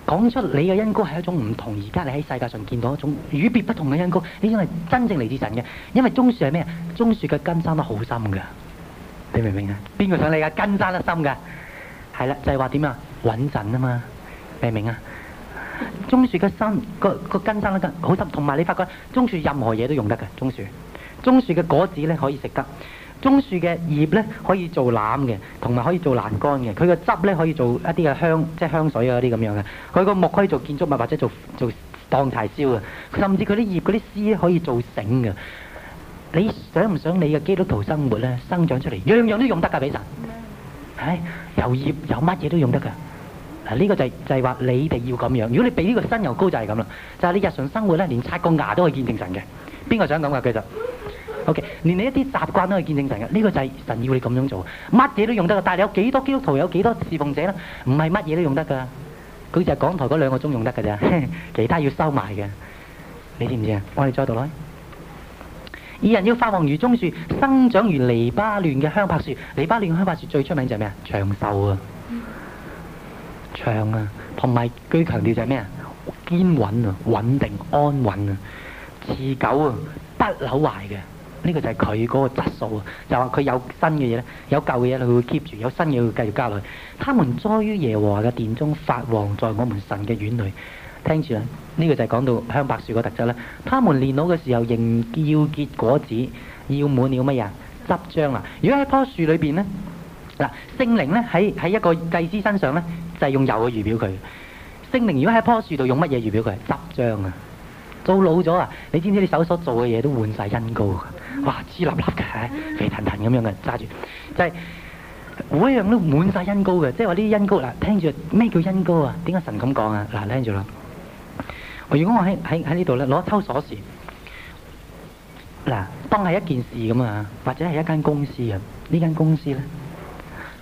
講出你嘅恩膏係一種唔同而家你喺世界上見到一種與別不同嘅恩膏，呢種係真正嚟自神嘅。因為棕樹係咩啊？棕樹嘅根生得好深㗎，你明唔明啊？邊個想你㗎？根生得深㗎，係啦，就係話點啊？穩陣啊嘛，明唔明啊？棕樹嘅根，個個根生得根好深，同埋你發覺棕樹任何嘢都用得㗎。棕樹，棕樹嘅果子咧，可以食得。棕樹嘅葉咧可以做籃嘅，同埋可以做欄杆嘅。佢個汁咧可以做一啲嘅香，即係香水啊啲咁樣嘅。佢個木可以做建築物，或者做做當柴燒嘅。甚至佢啲葉、嗰啲絲可以做繩嘅。你想唔想你嘅基督徒生活咧？生長出嚟，樣樣都用得㗎，俾神。係、哎，有葉有乜嘢都用得㗎。嗱，呢個就係、是、就係、是、話你哋要咁樣。如果你俾呢個新油膏就係咁啦，就係、是、你日常生活咧，連刷個牙都可以見證神嘅。邊個想咁㗎？其實？OK，連你一啲習慣都可以見證神嘅，呢、這個就係神要你咁樣做，乜嘢都用得嘅。但係你有幾多基督徒有幾多侍奉者咧？唔係乜嘢都用得嘅，佢就係講台嗰兩個鐘用得嘅啫， 其他要收埋嘅。你知唔知啊？我哋再讀啦。二人要發旺如棕樹，生長如黎巴嫩嘅香柏樹。黎巴嫩香柏樹最出名就係咩啊？長壽啊，嗯、長啊，同埋佢強調就係咩啊？堅穩啊，穩定安穩啊，持久啊，不朽壞嘅。呢個就係佢嗰個質素啊！就話、是、佢有新嘅嘢咧，有舊嘅嘢佢會 keep 住，有新嘢佢繼續加落去。他們栽於耶和華嘅殿中，發旺在我們神嘅院裏。聽住啦，呢、這個就係講到香柏樹個特質啦。他們年老嘅時候仍要結果子，要滿了乜嘢啊？汁漿啊！如果喺樖樹裏邊呢，嗱聖靈呢喺喺一個祭司身上呢，就係、是、用油嘅預表佢。聖靈如果喺樖樹度用乜嘢預表佢？汁漿啊！做老咗啊！你知唔知你手所做嘅嘢都換晒恩膏。哇，黐立立嘅，肥騰騰咁樣嘅揸住，就係、是、每一樣都滿晒恩膏嘅，即係話啲恩膏啦。聽住咩叫恩膏啊？點解神咁講啊？嗱，聽住啦。如果我喺喺喺呢度咧，攞抽鎖匙，嗱，當係一件事咁啊，或者係一間公司啊，呢間公司咧，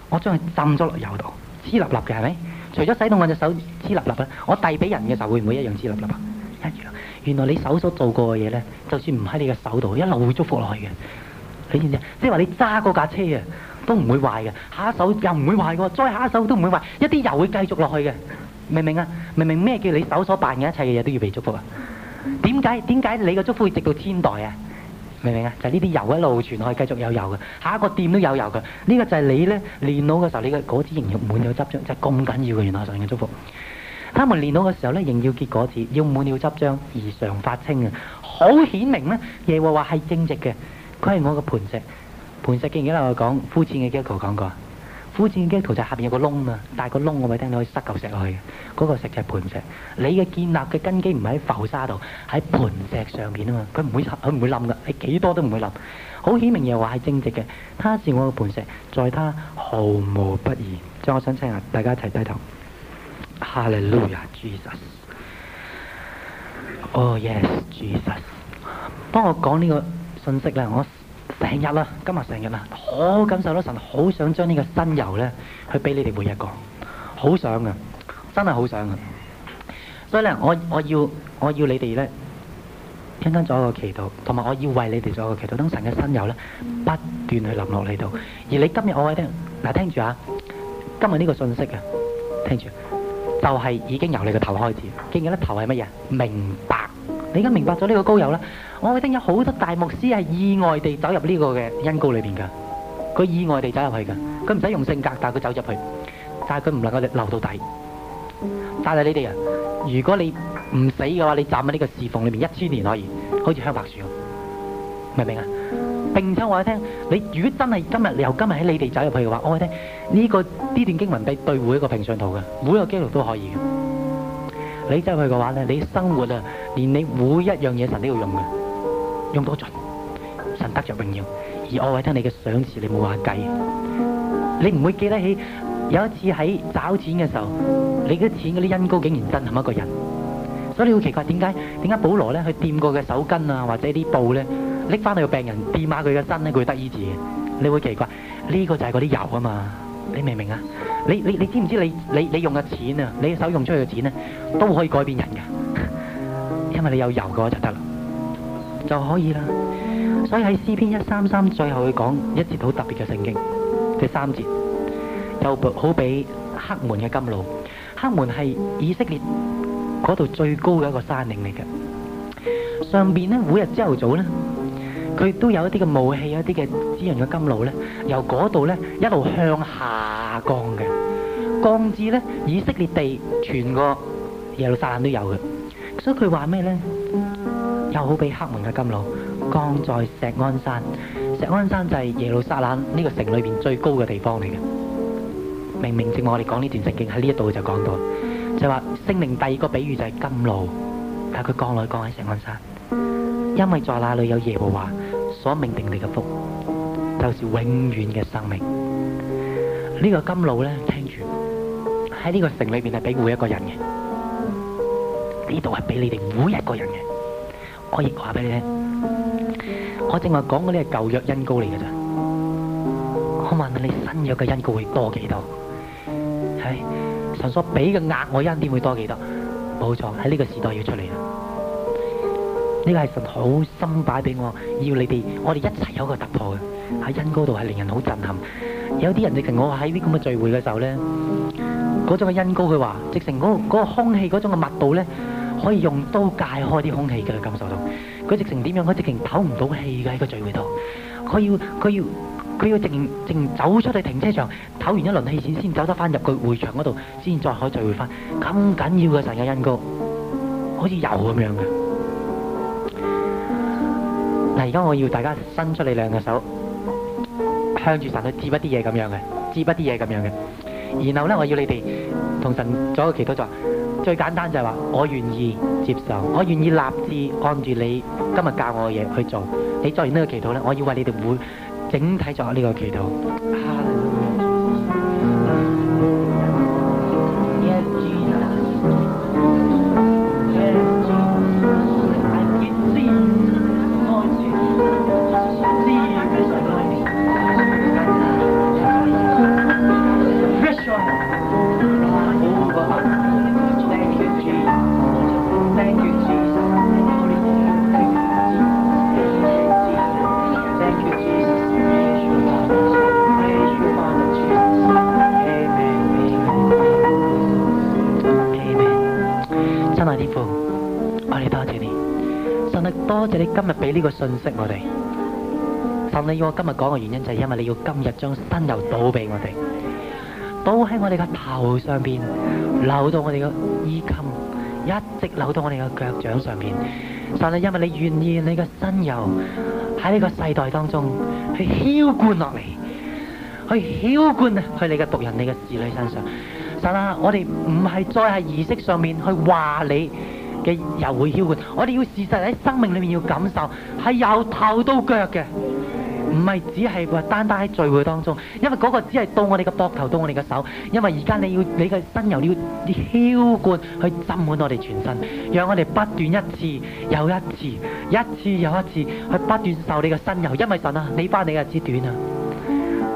我將佢浸咗落油度，黐立立嘅係咪？除咗洗到我隻手黐立立啊，我遞俾人嘅時候會唔會一樣黐立立啊？一樣。原來你手所做過嘅嘢呢，就算唔喺你嘅手度，一路會祝福落去嘅。你知唔知？即係話你揸嗰架車啊，都唔會壞嘅。下一手又唔會壞嘅，再下一手都唔會壞，一啲油會繼續落去嘅。明唔明啊？明唔明咩叫你手所辦嘅一切嘅嘢都要被祝福啊？點解點解你嘅祝福會直到千代啊？明唔明啊？就係呢啲油一路傳落去，繼續有油嘅，下一個店都有油嘅。呢、這個就係你呢練到嘅時候，你嘅嗰支營業滿有執著，就咁緊要嘅。原來神嘅祝福。他們練到嘅時候呢，仍要結果子，要滿了汁漿，而常發青啊！好顯明呢，耶和華係正直嘅，佢係我嘅磐石。磐石經幾我講？膚淺嘅基督徒講過，膚淺嘅基督徒就下邊有個窿啊，但係個窿我咪聽到可以塞嚿石落去嘅，嗰、那個石就係磐石。你嘅建立嘅根基唔喺浮沙度，喺磐石上面啊嘛，佢唔會佢唔會冧㗎，係幾多都唔會冧。好顯明耶和華係正直嘅，他是我嘅磐石，在他毫無不疑。就我想請啊，大家一齊低頭。哈利路亞，Jesus！哦，Yes，Jesus！幫我講呢個信息啦，我成日啦，今日成日啦，好感受到神好想將呢個新油咧，去俾你哋每一個，好想啊，真係好想啊。所以咧，我我要我要你哋咧，聽緊咗一個祈禱，同埋我要為你哋做一個祈禱，等神嘅新油咧不斷去淋落你度。而你今日我喺聽，嗱，聽住啊，今日呢個信息啊，聽住。就係已經由你個頭開始，記唔記得頭係乜嘢？明白，你而家明白咗呢個膏油啦。我會聽有好多大牧師係意外地走入呢個嘅恩膏裏邊噶，佢意外地走入去噶，佢唔使用性格，但係佢走入去，但係佢唔能夠留到底。但係你哋啊，如果你唔死嘅話，你站喺呢個侍奉裏邊一千年可以，好似香柏樹咁，明唔明啊？並且我一聽，你如果真係今日由今日喺你哋走入去嘅話，我話聽呢個呢段經文對對每一個平信徒嘅，每一個記錄都可以嘅。你走入去嘅話咧，你生活啊，連你每一樣嘢神都要用嘅，用到盡，神得著榮耀，而我話聽你嘅賞賜，你冇話計，你唔會記得起有一次喺找錢嘅時候，你啲錢嗰啲恩膏竟然震撼一個人，所以你會奇怪點解點解保羅咧去掂過嘅手巾啊，或者啲布咧？拎翻去個病人，掂下佢嘅身咧，佢會得醫治嘅。你會奇怪，呢、這個就係嗰啲油啊嘛！你明唔明啊？你你你，你知唔知你？你你你用嘅錢啊，你手用出去嘅錢咧、啊，都可以改變人嘅， 因為你有油嘅話就得啦，就可以啦。所以喺詩篇一三三最後佢講一節好特別嘅聖經，第、就是、三節，又好比黑門嘅甘露。黑門係以色列嗰度最高嘅一個山頂嚟嘅，上邊咧每日朝頭早咧。佢都有一啲嘅武器，有一啲嘅滋潤嘅甘露咧，由嗰度咧一路向下降嘅，降至咧以色列地全個耶路撒冷都有嘅。所以佢話咩咧？又好比黑門嘅甘露降在錫安山，錫安山就係耶路撒冷呢個城裏邊最高嘅地方嚟嘅。明明正我哋講呢段聖經喺呢一度就講到，就話聖靈第二個比喻就係甘露，但係佢降落嚟降喺錫安山，因為在那裏有耶和華。所命定你嘅福，就是永遠嘅生命。呢個甘露咧，聽住喺呢個城裏面係俾每一個人嘅，呢度係俾你哋每一個人嘅。我亦話俾你聽，我正話講嗰啲係舊約恩膏嚟嘅咋。我問下你新約嘅恩膏會多幾多？喺神所俾嘅額外恩典會多幾多？冇錯，喺呢個時代要出嚟啦。呢個係神好心擺俾我，要你哋，我哋一齊有一個突破嘅喺恩膏度係令人好震撼。有啲人就同我喺啲咁嘅聚會嘅時候呢，嗰種嘅恩膏佢話，直情嗰、嗰個嗰個空氣嗰種嘅密度呢，可以用刀解開啲空氣嘅感受到。佢直情點樣？佢直情唞唔到氣㗎喺個聚會度。佢要佢要佢要直情走出去停車場唞完一輪氣先，先走得翻入佢會場嗰度，先再可以聚會翻。咁緊要嘅成嘅恩膏，好似油咁樣嘅。而家我要大家伸出你兩隻手，向住神去接一啲嘢咁樣嘅，接一啲嘢咁樣嘅。然後呢，我要你哋同神做一個祈禱，就話最簡單就係話：我願意接受，我願意立志按住你今日教我嘅嘢去做。你做完呢個祈禱呢，我要為你哋會整體作呢個祈禱。啊今日俾呢個信息我哋，神你要我今日講嘅原因就係因為你要今日將新油倒俾我哋，倒喺我哋嘅頭上邊，流到我哋嘅衣襟，一直流到我哋嘅腳掌上面。神你因為你願意你嘅新油喺呢個世代當中去澆灌落嚟，去澆灌去，去你嘅僕人、你嘅子女身上。神啊，我哋唔係再係儀式上面去話你。嘅又會澆灌，我哋要事實喺生命裏面要感受，係由頭到腳嘅，唔係只係話單單喺聚會當中，因為嗰個只係到我哋嘅膊頭到我哋嘅手，因為而家你要你嘅身油，你要啲澆灌去浸滿我哋全身，讓我哋不斷一次又一次，一次又一次去不斷受你嘅身油，因為神啊，你翻你嘅日子短啊！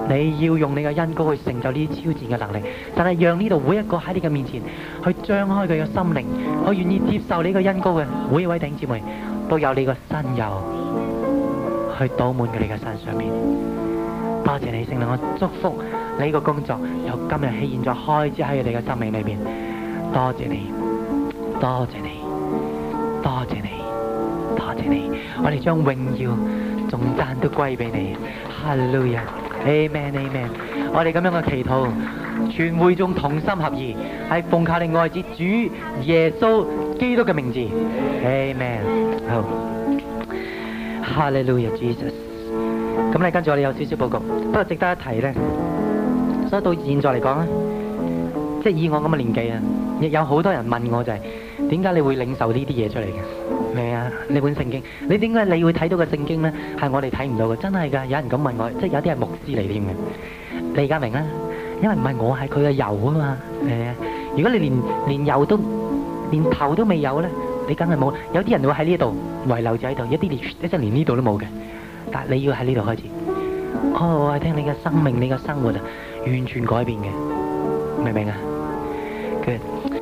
你要用你嘅恩膏去成就呢啲超自然嘅能力，但係讓呢度每一個喺你嘅面前去張開佢嘅心靈，我願意接受你嘅恩膏嘅每一位弟兄姊妹，都有你嘅新油去倒滿佢哋嘅身上面。多謝你聖靈，我祝福你個工作由今日起現在開始喺佢哋嘅生命裏邊。多謝你，多謝你，多謝你，多謝你，我哋將榮耀總讚都歸俾你。哈利路亞。Amen，Amen。Amen, Amen. 我哋咁樣嘅祈禱，全會眾同心合意，係奉靠你愛子主耶穌基督嘅名字。Amen 好。好哈利路耶 Jesus 咁你跟住我哋有少少報告，不過值得一提咧，所以到現在嚟講咧，即係以我咁嘅年紀啊，亦有好多人問我就係點解你會領受呢啲嘢出嚟嘅？係啊，呢本聖經，你點解你會睇到個聖經咧？係我哋睇唔到嘅，真係㗎！有人咁問我，即係有啲係牧師嚟添嘅。你而家明啦，因為唔係我係佢嘅油啊嘛。係啊，如果你連連油都連頭都未有咧，你梗係冇。有啲人會喺呢度遺留咗喺度，有啲連一陣連呢度都冇嘅。但係你要喺呢度開始。我係聽你嘅生命，你嘅生活啊，完全改變嘅，明唔明啊？Good。